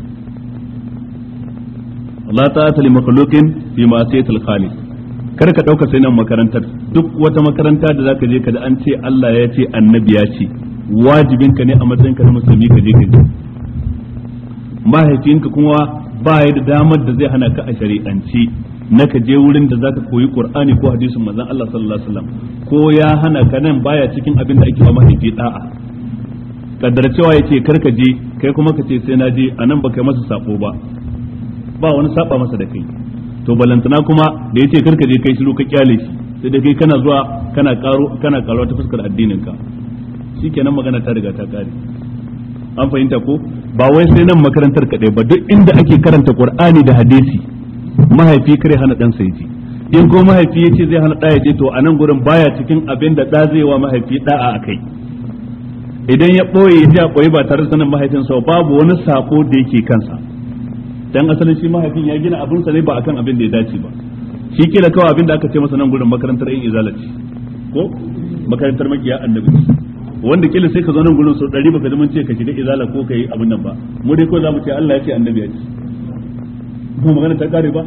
ta ta li makhluqin fi ma ma'siyatil khaliq kar ka dauka sai nan makarantar duk wata makaranta da zaka je ka da an ce Allah ya ce annabi ya ce wajibin ka ne a matsayin ka musulmi ka je ka mahaifinka kuma ba ya da damar da zai hana ka a shari'ance na ka je wurin da zaka koyi qur'ani ko hadisin manzon Allah sallallahu alaihi wasallam ko ya hana ka nan baya cikin abin da ake ma haifi da'a kaddar cewa yake kar ka je kai kuma ka ce sai na je anan ba kai masa sako ba ba wani saba masa da kai to balantana kuma da yake kar ka je kai shiru ka kyale shi sai da kai kana zuwa kana karo kana karo ta fuskar addinin ka shikenan magana ta riga ta kare an fahimta ko ba wai sai nan makarantar kaɗai ba duk inda ake karanta qur'ani da hadisi mahaifi kare hana dan sai ji in ko mahaifi ce zai hana ɗaya je to a nan gurin baya cikin abin da ɗa zai wa mahaifi ɗa'a a kai idan ya ɓoye ya a ɓoye ba tare da sanin mahaifinsa babu wani sako da yake kansa dan asalin shi mahaifin ya gina abinsa ne ba akan abin da ya dace ba shi kila kawai abin da aka ce masa nan gurin makarantar yin izalaci ko makarantar magiya annabi wanda kila sai ka zo nan gurin su ɗari baka zama ce ka shiga izala ko ka yi abin nan ba mu dai ko za mu ce Allah ya ce annabi ya ce ba magana ta kare ba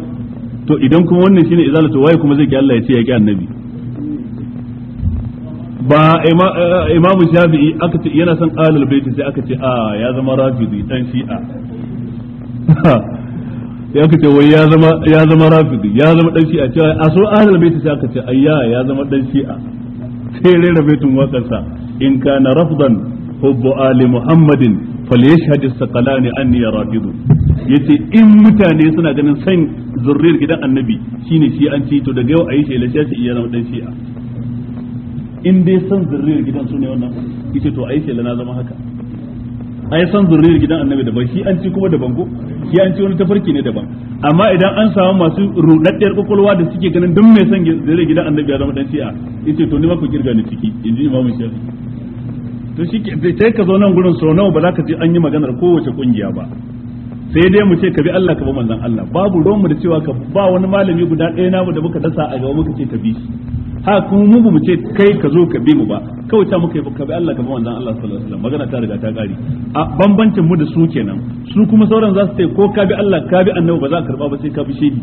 to idan kuma wannan shine izala to waye kuma zai ki Allah ya ce ya ki annabi ba eh, imam shafi'i aka ce yana son ahlul baiti sai aka ce a ya zama rafidi dan shi'a ya ce wai ya zama ya zama rafidi ya zama dan shi'a cewa a so ahlul baiti sai aka ce ayya ya zama dan shi'a sai rera baitun wakarsa in kana rafdan hubbu ali muhammadin falyashhad as-saqalani anni rafidu yace in mutane suna ganin san zurriyar gidan annabi shine shi an ci to daga yau ayi shi lashe shi iya zama dan shi'a in dai san zurriyar gidan su ne wannan yace to ayi shi na zama haka ai san zurriyar gidan annabi daban shi an ci kuma daban ko shi an ci wani tafarki ne daban amma idan an samu masu rudaddiyar kokolwa da suke ganin duk mai san zurriyar gidan annabi ya zama dan shi'a yace to ni ma ku kirga ni ciki inji imamu shafi to shi sai ka zo nan gurin so nawa ba za ka ji an yi maganar kowace kungiya ba sai dai mu ce ka bi Allah ka bi manzon Allah babu ruwan mu da cewa ka ba wani malami guda ɗaya namu da muka dasa a gaba muka ce ka bi shi ha kuma mu mu ce kai ka zo ka bi mu ba kawai ta muka yi ka bi Allah ka bi manzon Allah sallallahu alaihi wasallam magana ta riga ta kare a bambancin mu da su kenan su kuma sauran za su ce ko ka bi Allah ka bi annabi ba za ka karba ba sai ka bi shehi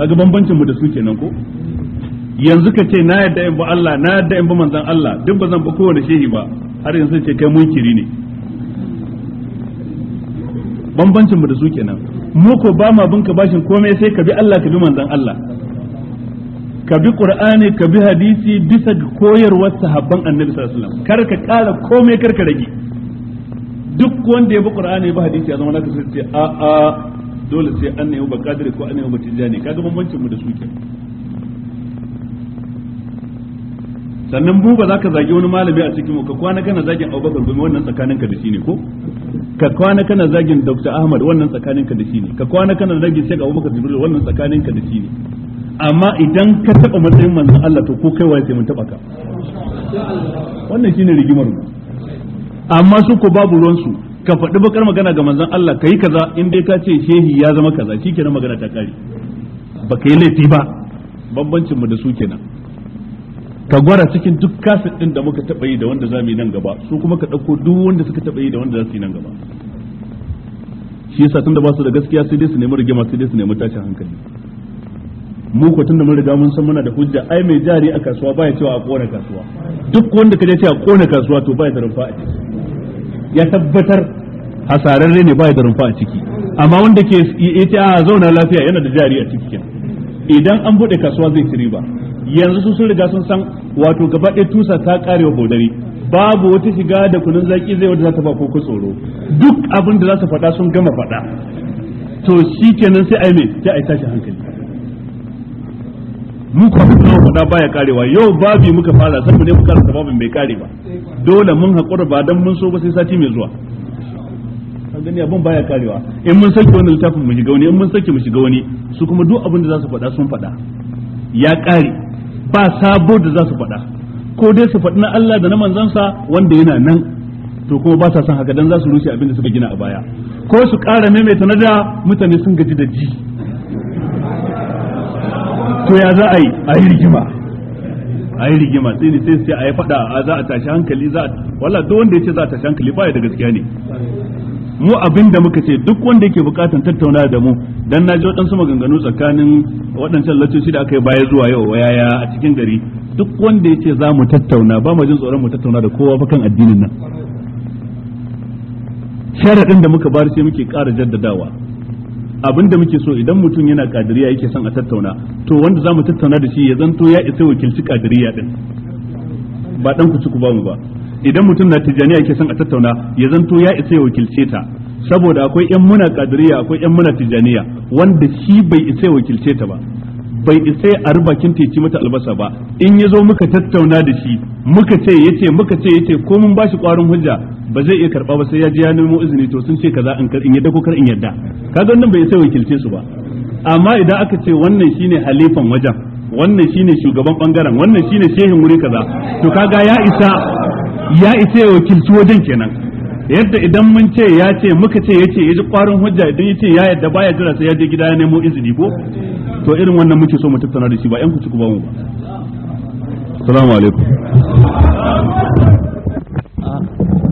kaga bambancin mu da su kenan ko yanzu ka ce na yadda in ba Allah na yadda in ba manzon Allah duk ba zan ba kowane shehi ba har yanzu ce kai munkiri ne bambancin mu da su kenan mu ko ba ma ka bashin komai sai ka bi Allah ka bi manzon Allah ka bi qur'ani ka bi hadisi bisa ga koyarwar sahabban annabi sallallahu alaihi wasallam kar ka kara komai kar ka rage duk wanda ya bi qur'ani ba hadisi ya zama naka sai ce a a dole sai an ne ba kadiri ko an ne ba tijani kaga bambancin mu da su ke sannan mu ba za ka zagi wani malami a cikin mu ka kwana kana zagin Abubakar gumi wannan tsakanin ka da shi ne ko ka kwana kana zagin Dr. Ahmad wannan tsakanin ka da shi ne ka kwana kana zagin Sheikh Abubakar Jibril wannan tsakanin ka da shi ne amma idan ka taba matsayin manzan Allah to ko kai waye sai mun taba ka wannan shine rigimar mu amma su ko babu ruwan su ka faɗi bakar magana ga manzon Allah kai kaza in dai ka ce shehi ya zama kaza shikenan magana ta kare ba ka laifi ba bambancin mu da su kenan ka gwara cikin duk kaset din da muka taba yi da wanda zamu yi nan gaba su kuma ka ɗauko duk wanda suka taba yi da wanda za su yi nan gaba shi yasa tunda ba su da gaskiya sai dai su nemi rigima sai dai su nemi tashin hankali mu ko tunda mun riga mun san muna da hujja ai mai jari a kasuwa baya cewa a kona kasuwa duk wanda kaje ce a kona kasuwa to baya da rumfa a ciki ya tabbatar hasararre ne baya da rufa a ciki amma wanda ke yace a zauna lafiya yana da jari a ciki idan an bude kasuwa zai ci riba yanzu su sun riga sun san wato gaba ɗaya tusa ta karewa bodari babu wata shiga da kunun zaki zai wata za ta ba ko tsoro duk abin da za su faɗa sun gama faɗa to shi kenan sai ai mai sai yi tashi hankali mu kuma da mu baya karewa yau babi muka fara sai mu ne muka karanta babin bai kare ba dole mun hakura ba dan mun so ba sai sati mai zuwa an gani abin baya karewa in mun saki wani littafin mu shiga wani in mun saki mu shiga wani su kuma duk abin da za su faɗa sun faɗa ya kare ba sabo da za su faɗa ko dai su faɗi na Allah da na sa wanda yana nan to kuma ba sa son haka dan za su rushe abin da suka gina a baya ko su ƙara maimaita na da mutane sun gaji da ji to ya za a yi a yi rigima a yi rigima sai ne sai a yi fada a za a tashi hankali za a wala duk wanda ya ce za a tashi hankali baya da gaskiya ne mu abin da muka ce duk wanda yake bukatan tattauna da mu dan na ji waɗansu maganganu tsakanin waɗancan laccoci da aka yi baya zuwa yau wayaya a cikin gari duk wanda ya ce za mu tattauna ba mu jin tsoron mu tattauna da kowa ba kan addinin nan sharaɗin da muka bari sai muke ƙara jaddadawa Abin da muke so idan mutum yana kadiriya yake son a tattauna to wanda za mu tattauna da shi ya zanto ya isa wakilci kadiriya din ba dan ku ci ku ba mu ba idan mutum na tijani yake son a tattauna ya zanto ya isa wakilce ta saboda akwai yan muna kadiriya akwai yan muna tijaniya wanda shi bai isa wakilce ta ba bai isa a bakin teci mata albasa ba in ya zo muka tattauna da shi muka ce yace muka ce yace ko mun bashi kwarin hujja ba zai iya karba ba sai ya ji ya nemo izini to sun ce kaza in kar in yadda ko kar in yadda kaga wannan bai isa wakilce su ba amma idan aka ce wannan shine halifan wajen wannan shine shugaban bangaren wannan shine shehin wuri kaza to kaga ya isa ya isa wakilci wajen kenan yadda idan mun ce ya ce muka ce yace yaji kwarin hujja idan yace ya yadda baya jira sai ya je gida ya nemo izini ko to irin wannan muke so mu tattauna da shi ba yan ku ku ba mu assalamu alaikum ah,